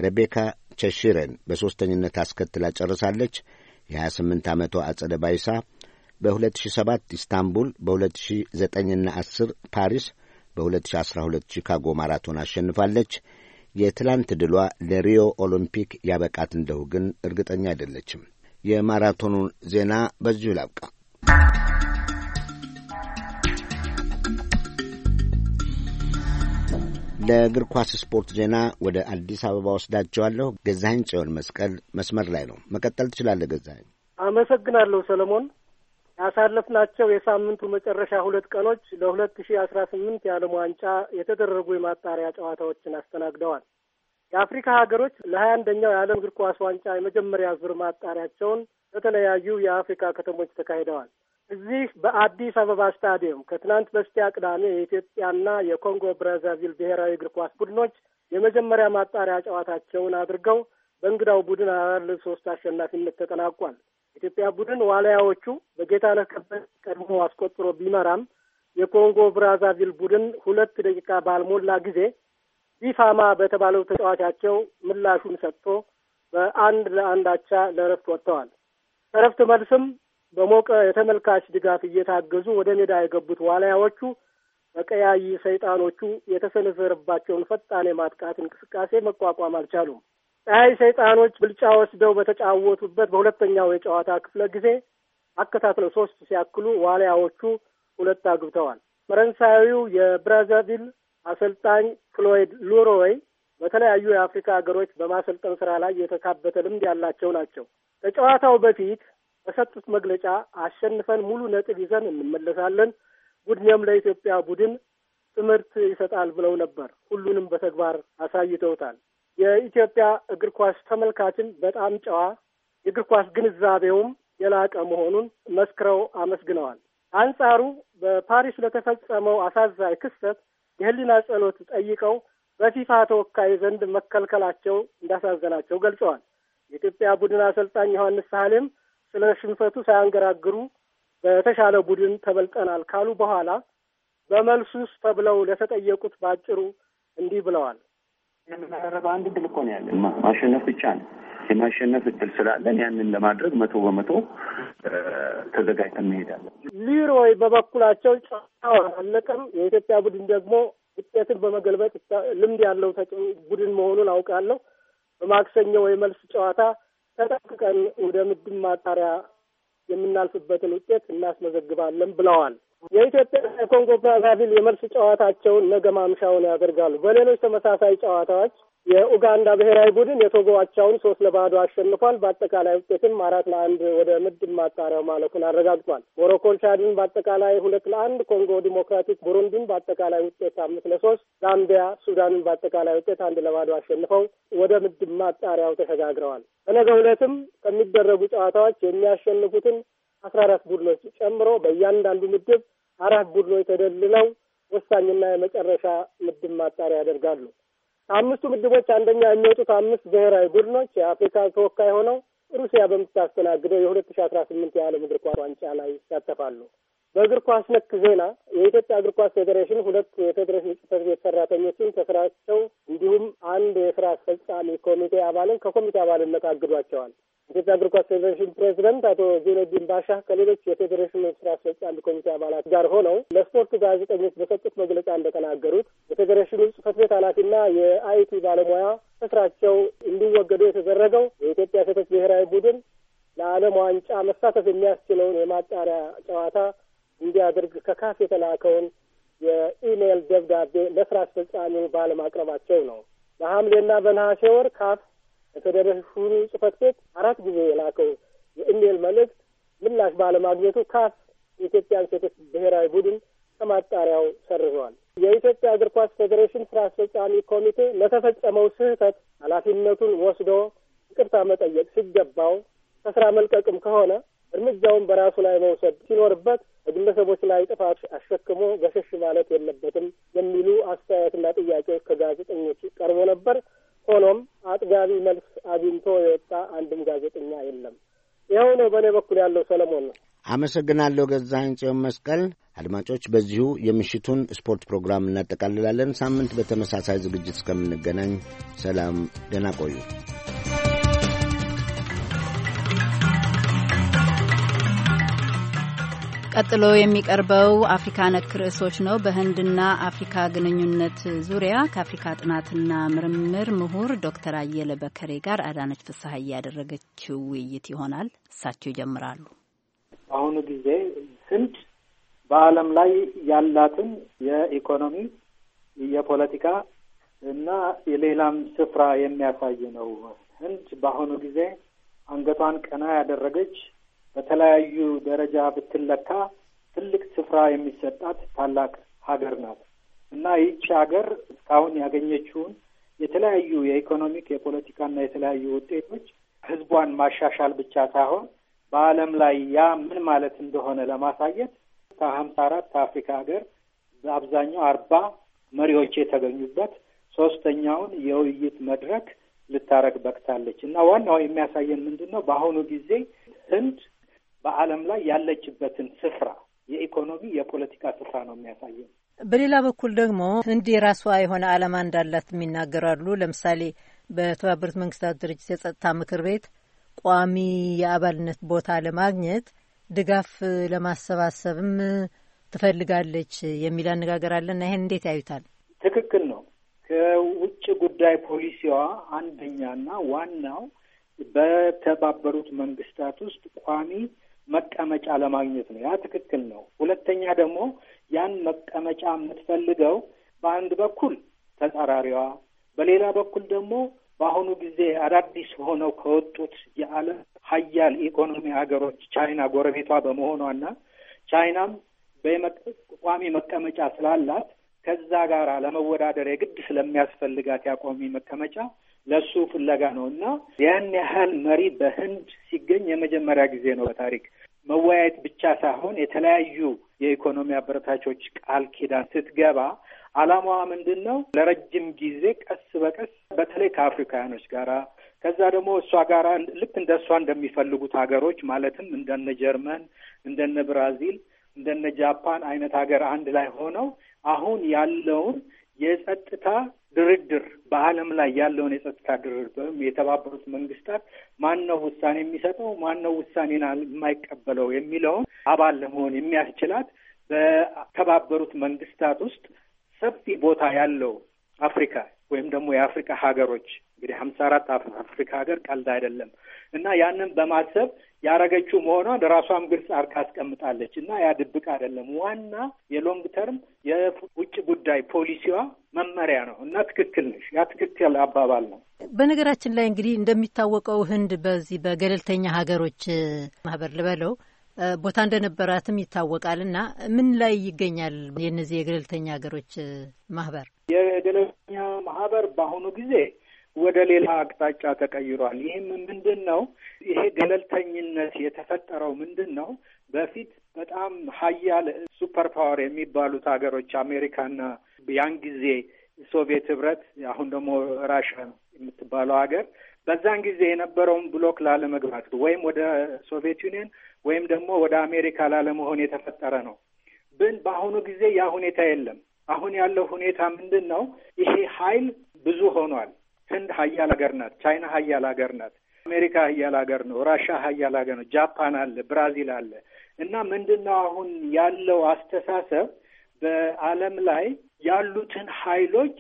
ሬቤካ ቸሺረን በሦስተኝነት አስከትላ ጨርሳለች። የ28 ዓመቷ አጸደ ባይሳ በ2007 ኢስታንቡል፣ በ2009ና 10 ፓሪስ፣ በ2012 ቺካጎ ማራቶን አሸንፋለች። የትላንት ድሏ ለሪዮ ኦሎምፒክ ያበቃት እንደው ግን እርግጠኛ አይደለችም። የማራቶኑን ዜና በዚሁ ላብቃ። ለእግር ኳስ ስፖርት ዜና ወደ አዲስ አበባ ወስዳቸዋለሁ። ገዛኸኝ ጽዮን መስቀል መስመር ላይ ነው። መቀጠል ትችላለህ ገዛኸኝ። አመሰግናለሁ ሰለሞን። ያሳለፍናቸው የሳምንቱ መጨረሻ ሁለት ቀኖች ለሁለት ሺ አስራ ስምንት የዓለም ዋንጫ የተደረጉ የማጣሪያ ጨዋታዎችን አስተናግደዋል። የአፍሪካ ሀገሮች ለሀያ አንደኛው የዓለም እግር ኳስ ዋንጫ የመጀመሪያ ዙር ማጣሪያቸውን በተለያዩ የአፍሪካ ከተሞች ተካሂደዋል። እዚህ በአዲስ አበባ ስታዲየም ከትናንት በስቲያ ቅዳሜ የኢትዮጵያና የኮንጎ ብራዛቪል ብሔራዊ እግር ኳስ ቡድኖች የመጀመሪያ ማጣሪያ ጨዋታቸውን አድርገው በእንግዳው ቡድን አራት ለሶስት አሸናፊነት ተጠናቋል። ኢትዮጵያ ቡድን ዋልያዎቹ በጌታነህ ከበደ ቀድሞ አስቆጥሮ ቢመራም የኮንጎ ብራዛቪል ቡድን ሁለት ደቂቃ ባልሞላ ጊዜ ቢፋማ በተባለው ተጫዋቻቸው ምላሹን ሰጥቶ በአንድ ለአንድ አቻ ለእረፍት ወጥተዋል። እረፍት መልስም በሞቀ የተመልካች ድጋፍ እየታገዙ ወደ ሜዳ የገቡት ዋልያዎቹ በቀያይ ሰይጣኖቹ የተሰነዘረባቸውን ፈጣን የማጥቃት እንቅስቃሴ መቋቋም አልቻሉም። ፀሐይ ሰይጣኖች ብልጫ ወስደው በተጫወቱበት በሁለተኛው የጨዋታ ክፍለ ጊዜ አከታትለው ሶስት ሲያክሉ ዋልያዎቹ ሁለት አግብተዋል። ፈረንሳዊው የብራዛቪል አሰልጣኝ ክሎይድ ሉሮይ በተለያዩ የአፍሪካ ሀገሮች በማሰልጠን ስራ ላይ የተካበተ ልምድ ያላቸው ናቸው። ከጨዋታው በፊት በሰጡት መግለጫ አሸንፈን ሙሉ ነጥብ ይዘን እንመለሳለን፣ ቡድኔም ለኢትዮጵያ ቡድን ትምህርት ይሰጣል ብለው ነበር። ሁሉንም በተግባር አሳይተውታል። የኢትዮጵያ እግር ኳስ ተመልካችን በጣም ጨዋ፣ የእግር ኳስ ግንዛቤውም የላቀ መሆኑን መስክረው አመስግነዋል። አንጻሩ በፓሪስ ለተፈጸመው አሳዛኝ ክስተት የህሊና ጸሎት ጠይቀው በፊፋ ተወካይ ዘንድ መከልከላቸው እንዳሳዘናቸው ገልጸዋል። የኢትዮጵያ ቡድን አሰልጣኝ ዮሐንስ ሳህሌም ስለ ሽንፈቱ ሳያንገራግሩ በተሻለ ቡድን ተበልጠናል ካሉ በኋላ በመልሱስ ተብለው ለተጠየቁት ባጭሩ እንዲህ ብለዋል። የምናደረገው አንድ ድል እኮ ነው ያለን ማሸነፍ ብቻ ነው። የማሸነፍ እድል ስላለን ያንን ለማድረግ መቶ በመቶ ተዘጋጅተን መሄዳለን። ሊሮይ በበኩላቸው ጨዋታው አላለቀም። የኢትዮጵያ ቡድን ደግሞ ውጤትን በመገልበጥ ልምድ ያለው ቡድን መሆኑን አውቃለሁ። በማክሰኞ የመልስ ጨዋታ ተጠንቅቀን ወደ ምድብ ማጣሪያ የምናልፍበትን ውጤት እናስመዘግባለን ብለዋል። የኢትዮጵያ የኮንጎ ብራዛቪል የመልስ ጨዋታቸውን ነገ ማምሻውን ያደርጋሉ። በሌሎች ተመሳሳይ ጨዋታዎች የኡጋንዳ ብሔራዊ ቡድን የቶጎ አቻውን ሶስት ለባዶ አሸንፏል። በአጠቃላይ ውጤትም አራት ለአንድ ወደ ምድብ ማጣሪያው ማለፉን አረጋግጧል። ሞሮኮን ቻድን በአጠቃላይ ሁለት ለአንድ፣ ኮንጎ ዲሞክራቲክ ቡሩንዲን በአጠቃላይ ውጤት አምስት ለሶስት፣ ዛምቢያ ሱዳንን በአጠቃላይ ውጤት አንድ ለባዶ አሸንፈው ወደ ምድብ ማጣሪያው ተሸጋግረዋል። በነገ ሁለትም ከሚደረጉ ጨዋታዎች የሚያሸንፉትን አስራ አራት ቡድኖች ጨምሮ በእያንዳንዱ ምድብ አራት ቡድኖች ተደልለው ወሳኝና የመጨረሻ ምድብ ማጣሪያ ያደርጋሉ። ከአምስቱ ምድቦች አንደኛ የሚወጡት አምስት ብሔራዊ ቡድኖች የአፍሪካ ተወካይ ሆነው ሩሲያ በምታስተናግደው የሁለት ሺ አስራ ስምንት የዓለም እግር ኳስ ዋንጫ ላይ ይሳተፋሉ። በእግር ኳስ ነክ ዜና የኢትዮጵያ እግር ኳስ ፌዴሬሽን ሁለት የፌዴሬሽን ጽህፈት ቤት ሰራተኞችን ከስራቸው እንዲሁም አንድ የስራ አስፈጻሚ ኮሚቴ አባልን ከኮሚቴ አባልነት አግዷቸዋል። ኢትዮጵያ እግር ኳስ ፌዴሬሽን ፕሬዚደንት አቶ ዜኖዲን ባሻ ከሌሎች የፌዴሬሽኑ ስራ አስፈጻሚ ኮሚቴ አባላት ጋር ሆነው ለስፖርቱ ጋዜጠኞች በሰጡት መግለጫ እንደተናገሩት የፌዴሬሽኑ ጽህፈት ቤት ኃላፊና የአይቲ ባለሙያ ከስራቸው እንዲወገዱ የተደረገው የኢትዮጵያ ሴቶች ብሔራዊ ቡድን ለዓለም ዋንጫ መሳተፍ የሚያስችለውን የማጣሪያ ጨዋታ እንዲያደርግ ከካፍ የተላከውን የኢሜይል ደብዳቤ ለስራ አስፈጻሚው ባለማቅረባቸው ነው። በሐምሌና በነሐሴ ወር ካፍ ለፌዴሬሽኑ ጽህፈት ቤት አራት ጊዜ የላከው የኢሜይል መልእክት ምላሽ ባለማግኘቱ ካፍ የኢትዮጵያን ሴቶች ብሔራዊ ቡድን ከማጣሪያው ሰርዘዋል። የኢትዮጵያ እግር ኳስ ፌዴሬሽን ስራ አስፈጻሚ ኮሚቴ ለተፈጸመው ስህተት ኃላፊነቱን ወስዶ ይቅርታ መጠየቅ ሲገባው ከስራ መልቀቅም ከሆነ እርምጃውን በራሱ ላይ መውሰድ ሲኖርበት በግለሰቦች ላይ ጥፋት አሸክሞ ገሸሽ ማለት የለበትም የሚሉ አስተያየትና ጥያቄዎች ከጋዜጠኞች ቀርቦ ነበር። ሆኖም አጥጋቢ መልስ አግኝቶ የወጣ አንድም ጋዜጠኛ የለም። ይኸው ነው በእኔ በኩል ያለው። ሰለሞን ነው። አመሰግናለሁ። ገዛኸኝ ጽዮን መስቀል። አድማጮች፣ በዚሁ የምሽቱን ስፖርት ፕሮግራም እናጠቃልላለን። ሳምንት በተመሳሳይ ዝግጅት እስከምንገናኝ ሰላም፣ ደህና ቆዩ። ቀጥሎ የሚቀርበው አፍሪካ ነክ ርዕሶች ነው። በህንድና አፍሪካ ግንኙነት ዙሪያ ከአፍሪካ ጥናትና ምርምር ምሁር ዶክተር አየለ በከሬ ጋር አዳነች ፍስሀ እያደረገችው ውይይት ይሆናል። እሳቸው ይጀምራሉ። በአሁኑ ጊዜ ህንድ በዓለም ላይ ያላትን የኢኮኖሚ የፖለቲካ እና የሌላም ስፍራ የሚያሳይ ነው። ህንድ በአሁኑ ጊዜ አንገቷን ቀና ያደረገች በተለያዩ ደረጃ ብትለካ ትልቅ ስፍራ የሚሰጣት ታላቅ ሀገር ናት እና ይህቺ ሀገር እስካሁን ያገኘችውን የተለያዩ የኢኮኖሚክ የፖለቲካና የተለያዩ ውጤቶች ህዝቧን ማሻሻል ብቻ ሳይሆን በዓለም ላይ ያ ምን ማለት እንደሆነ ለማሳየት ከሀምሳ አራት ከአፍሪካ ሀገር በአብዛኛው አርባ መሪዎች የተገኙበት ሶስተኛውን የውይይት መድረክ ልታረግ በቅታለች እና ዋናው የሚያሳየን ምንድን ነው? በአሁኑ ጊዜ ህንድ በዓለም ላይ ያለችበትን ስፍራ የኢኮኖሚ የፖለቲካ ስፍራ ነው የሚያሳየው። በሌላ በኩል ደግሞ ህንድ የራሷ የሆነ ዓላማ እንዳላት አሉ። ለምሳሌ በተባበሩት መንግስታት ድርጅት የጸጥታ ምክር ቤት ቋሚ የአባልነት ቦታ ለማግኘት ድጋፍ ለማሰባሰብም ትፈልጋለች የሚል አነጋገር አለና ይህን እንዴት ያዩታል? ትክክል ነው። ከውጭ ጉዳይ ፖሊሲዋ አንደኛና ዋናው በተባበሩት መንግስታት ውስጥ ቋሚ መቀመጫ ለማግኘት ነው። ያ ትክክል ነው። ሁለተኛ ደግሞ ያን መቀመጫ የምትፈልገው በአንድ በኩል ተጻራሪዋ፣ በሌላ በኩል ደግሞ በአሁኑ ጊዜ አዳዲስ ሆነው ከወጡት የዓለም ሀያል ኢኮኖሚ ሀገሮች ቻይና ጎረቤቷ በመሆኗና ቻይናም በቋሚ መቀመጫ ስላላት ከዛ ጋር ለመወዳደር የግድ ስለሚያስፈልጋት ያቋሚ መቀመጫ ለሱ ፍለጋ ነው እና ያን ያህል መሪ በህንድ ሲገኝ የመጀመሪያ ጊዜ ነው። በታሪክ መወያየት ብቻ ሳይሆን የተለያዩ የኢኮኖሚ አበረታቾች ቃል ኪዳን ስትገባ አላማዋ ምንድን ነው? ለረጅም ጊዜ ቀስ በቀስ በተለይ ከአፍሪካውያኖች ጋራ ከዛ ደግሞ እሷ ጋራ ልክ እንደ እሷ እንደሚፈልጉት ሀገሮች ማለትም እንደነ ጀርመን፣ እንደነ ብራዚል፣ እንደነ ጃፓን አይነት ሀገር አንድ ላይ ሆነው አሁን ያለውን የጸጥታ ድርድር በዓለም ላይ ያለውን የጸጥታ ድርድር የተባበሩት መንግስታት ማን ነው ውሳኔ የሚሰጠው ማን ነው ውሳኔን የማይቀበለው የሚለውን አባል ለመሆን የሚያስችላት በተባበሩት መንግስታት ውስጥ ሰፊ ቦታ ያለው አፍሪካ ወይም ደግሞ የአፍሪካ ሀገሮች እንግዲህ ሀምሳ አራት አፍሪካ ሀገር ቀልድ አይደለም እና ያንን በማሰብ ያረገችው መሆኗን ራሷም ግልጽ አርካ አስቀምጣለች እና ያ ድብቅ አይደለም። ዋና የሎንግ ተርም የውጭ ጉዳይ ፖሊሲዋ መመሪያ ነው እና ትክክል ነሽ። ያ ትክክል አባባል ነው። በነገራችን ላይ እንግዲህ እንደሚታወቀው ህንድ በዚህ በገለልተኛ ሀገሮች ማህበር ልበለው ቦታ እንደነበራትም ይታወቃል እና ምን ላይ ይገኛል የነዚህ የገለልተኛ ሀገሮች ማህበር? የገለልተኛ ማህበር በአሁኑ ጊዜ ወደ ሌላ አቅጣጫ ተቀይሯል። ይህም ምንድን ነው? ይሄ ገለልተኝነት የተፈጠረው ምንድን ነው? በፊት በጣም ሀያል ሱፐር ፓወር የሚባሉት ሀገሮች አሜሪካና ያን ጊዜ ሶቪየት ህብረት፣ አሁን ደግሞ ራሽያ የምትባለው ሀገር በዛን ጊዜ የነበረውን ብሎክ ላለመግባት ወይም ወደ ሶቪየት ዩኒየን ወይም ደግሞ ወደ አሜሪካ ላለመሆን የተፈጠረ ነው ግን በአሁኑ ጊዜ ያ ሁኔታ የለም። አሁን ያለው ሁኔታ ምንድን ነው? ይሄ ሀይል ብዙ ሆኗል። ህንድ ሀያል ሀገር ናት። ቻይና ሀያል ሀገር ናት። አሜሪካ ሀያል ሀገር ነው። ራሻ ሀያል ሀገር ነው። ጃፓን አለ፣ ብራዚል አለ እና ምንድን ነው አሁን ያለው አስተሳሰብ በዓለም ላይ ያሉትን ሀይሎች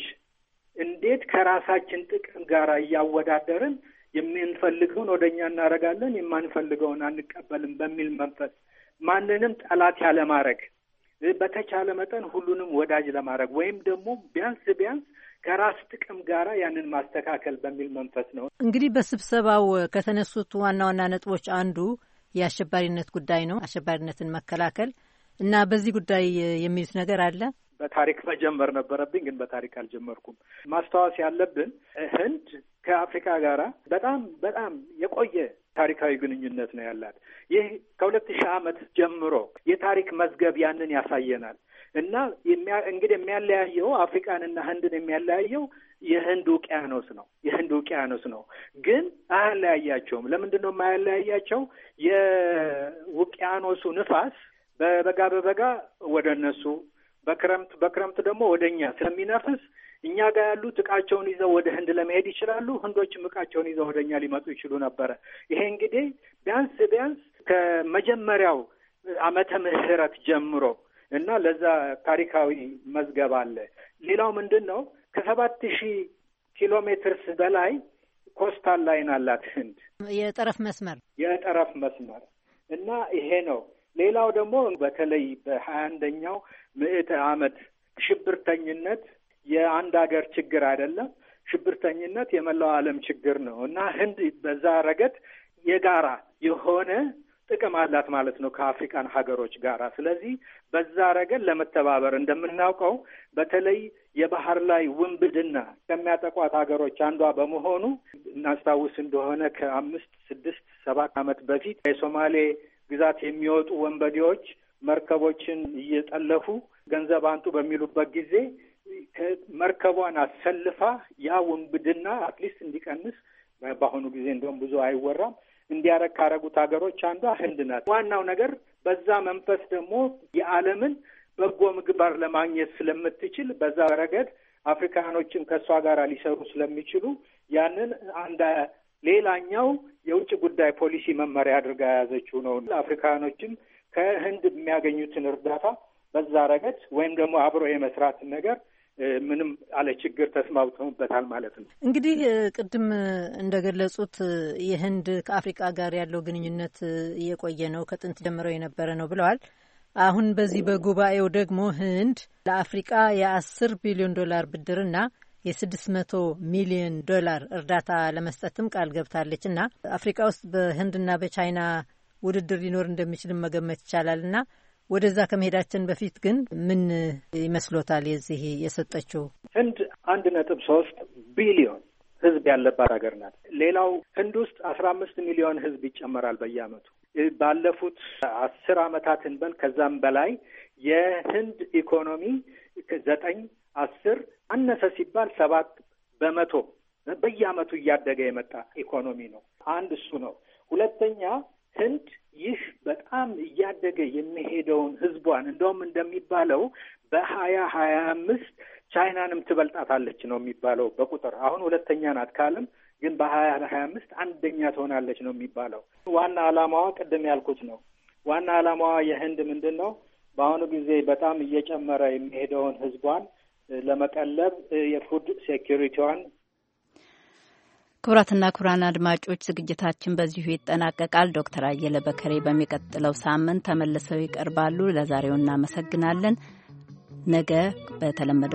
እንዴት ከራሳችን ጥቅም ጋር እያወዳደርን የምንፈልገውን ወደ እኛ እናደርጋለን፣ የማንፈልገውን አንቀበልም በሚል መንፈስ ማንንም ጠላት ያለማድረግ በተቻለ መጠን ሁሉንም ወዳጅ ለማድረግ ወይም ደግሞ ቢያንስ ቢያንስ ከራስ ጥቅም ጋር ያንን ማስተካከል በሚል መንፈስ ነው። እንግዲህ በስብሰባው ከተነሱት ዋና ዋና ነጥቦች አንዱ የአሸባሪነት ጉዳይ ነው፣ አሸባሪነትን መከላከል እና በዚህ ጉዳይ የሚሉት ነገር አለ። በታሪክ መጀመር ነበረብኝ፣ ግን በታሪክ አልጀመርኩም። ማስታወስ ያለብን ህንድ ከአፍሪካ ጋር በጣም በጣም የቆየ ታሪካዊ ግንኙነት ነው ያላት። ይህ ከሁለት ሺህ ዓመት ጀምሮ የታሪክ መዝገብ ያንን ያሳየናል። እና እንግዲህ የሚያለያየው አፍሪካንና ህንድን የሚያለያየው የህንድ ውቅያኖስ ነው። የህንድ ውቅያኖስ ነው፣ ግን አያለያያቸውም። ለምንድን ነው የማያለያያቸው? የውቅያኖሱ ንፋስ በበጋ በበጋ ወደ እነሱ በክረምት በክረምት ደግሞ ወደ እኛ ስለሚነፍስ እኛ ጋር ያሉት እቃቸውን ይዘው ወደ ህንድ ለመሄድ ይችላሉ። ህንዶችም እቃቸውን ይዘው ወደ እኛ ሊመጡ ይችሉ ነበረ። ይሄ እንግዲህ ቢያንስ ቢያንስ ከመጀመሪያው ዓመተ ምህረት ጀምሮ እና ለዛ ታሪካዊ መዝገብ አለ። ሌላው ምንድን ነው ከሰባት ሺህ ኪሎ ሜትርስ በላይ ኮስታል ላይን አላት ህንድ የጠረፍ መስመር የጠረፍ መስመር እና ይሄ ነው። ሌላው ደግሞ በተለይ በሀያ አንደኛው ምዕተ ዓመት ሽብርተኝነት የአንድ ሀገር ችግር አይደለም። ሽብርተኝነት የመላው ዓለም ችግር ነው እና ህንድ በዛ ረገድ የጋራ የሆነ ጥቅም አላት ማለት ነው ከአፍሪካን ሀገሮች ጋር። ስለዚህ በዛ ረገድ ለመተባበር እንደምናውቀው በተለይ የባህር ላይ ውንብድና ከሚያጠቋት ሀገሮች አንዷ በመሆኑ እናስታውስ እንደሆነ ከአምስት ስድስት ሰባት ዓመት በፊት የሶማሌ ግዛት የሚወጡ ወንበዴዎች መርከቦችን እየጠለፉ ገንዘብ አንጡ በሚሉበት ጊዜ መርከቧን አሰልፋ ያ ውንብድና አትሊስት እንዲቀንስ በአሁኑ ጊዜ እንደውም ብዙ አይወራም እንዲያረግ ካረጉት ሀገሮች አንዷ ህንድ ናት። ዋናው ነገር በዛ መንፈስ ደግሞ የዓለምን በጎ ምግባር ለማግኘት ስለምትችል በዛ ረገድ አፍሪካኖችም ከእሷ ጋር ሊሰሩ ስለሚችሉ ያንን አንድ ሌላኛው የውጭ ጉዳይ ፖሊሲ መመሪያ አድርጋ የያዘችው ነው። አፍሪካኖችም ከህንድ የሚያገኙትን እርዳታ በዛ ረገድ ወይም ደግሞ አብሮ የመስራትን ነገር ምንም አለ ችግር ተስማምተውበታል ማለት ነው። እንግዲህ ቅድም እንደገለጹት የህንድ ከአፍሪቃ ጋር ያለው ግንኙነት እየቆየ ነው፣ ከጥንት ጀምረው የነበረ ነው ብለዋል። አሁን በዚህ በጉባኤው ደግሞ ህንድ ለአፍሪቃ የአስር ቢሊዮን ዶላር ብድርና የስድስት መቶ ሚሊዮን ዶላር እርዳታ ለመስጠትም ቃል ገብታለች እና አፍሪቃ ውስጥ በህንድና በቻይና ውድድር ሊኖር እንደሚችልም መገመት ይቻላል እና ወደዛ ከመሄዳችን በፊት ግን ምን ይመስሎታል? የዚህ የሰጠችው ህንድ አንድ ነጥብ ሶስት ቢሊዮን ህዝብ ያለባት ሀገር ናት። ሌላው ህንድ ውስጥ አስራ አምስት ሚሊዮን ህዝብ ይጨመራል በየአመቱ። ባለፉት አስር አመታት እንበል ከዛም በላይ የህንድ ኢኮኖሚ ዘጠኝ አስር አነሰ ሲባል ሰባት በመቶ በየአመቱ እያደገ የመጣ ኢኮኖሚ ነው። አንድ እሱ ነው። ሁለተኛ ህንድ ይህ በጣም እያደገ የሚሄደውን ህዝቧን እንደውም እንደሚባለው በሀያ ሀያ አምስት ቻይናንም ትበልጣታለች ነው የሚባለው በቁጥር አሁን ሁለተኛ ናት ካለም ግን በሀያ ሀያ አምስት አንደኛ ትሆናለች ነው የሚባለው። ዋና አላማዋ ቅድም ያልኩት ነው። ዋና ዓላማዋ የህንድ ምንድን ነው? በአሁኑ ጊዜ በጣም እየጨመረ የሚሄደውን ህዝቧን ለመቀለብ የፉድ ሴኪሪቲዋን ክቡራትና ክቡራን አድማጮች ዝግጅታችን በዚሁ ይጠናቀቃል። ዶክተር አየለ በከሬ በሚቀጥለው ሳምንት ተመልሰው ይቀርባሉ። ለዛሬው እናመሰግናለን። ነገ በተለመደ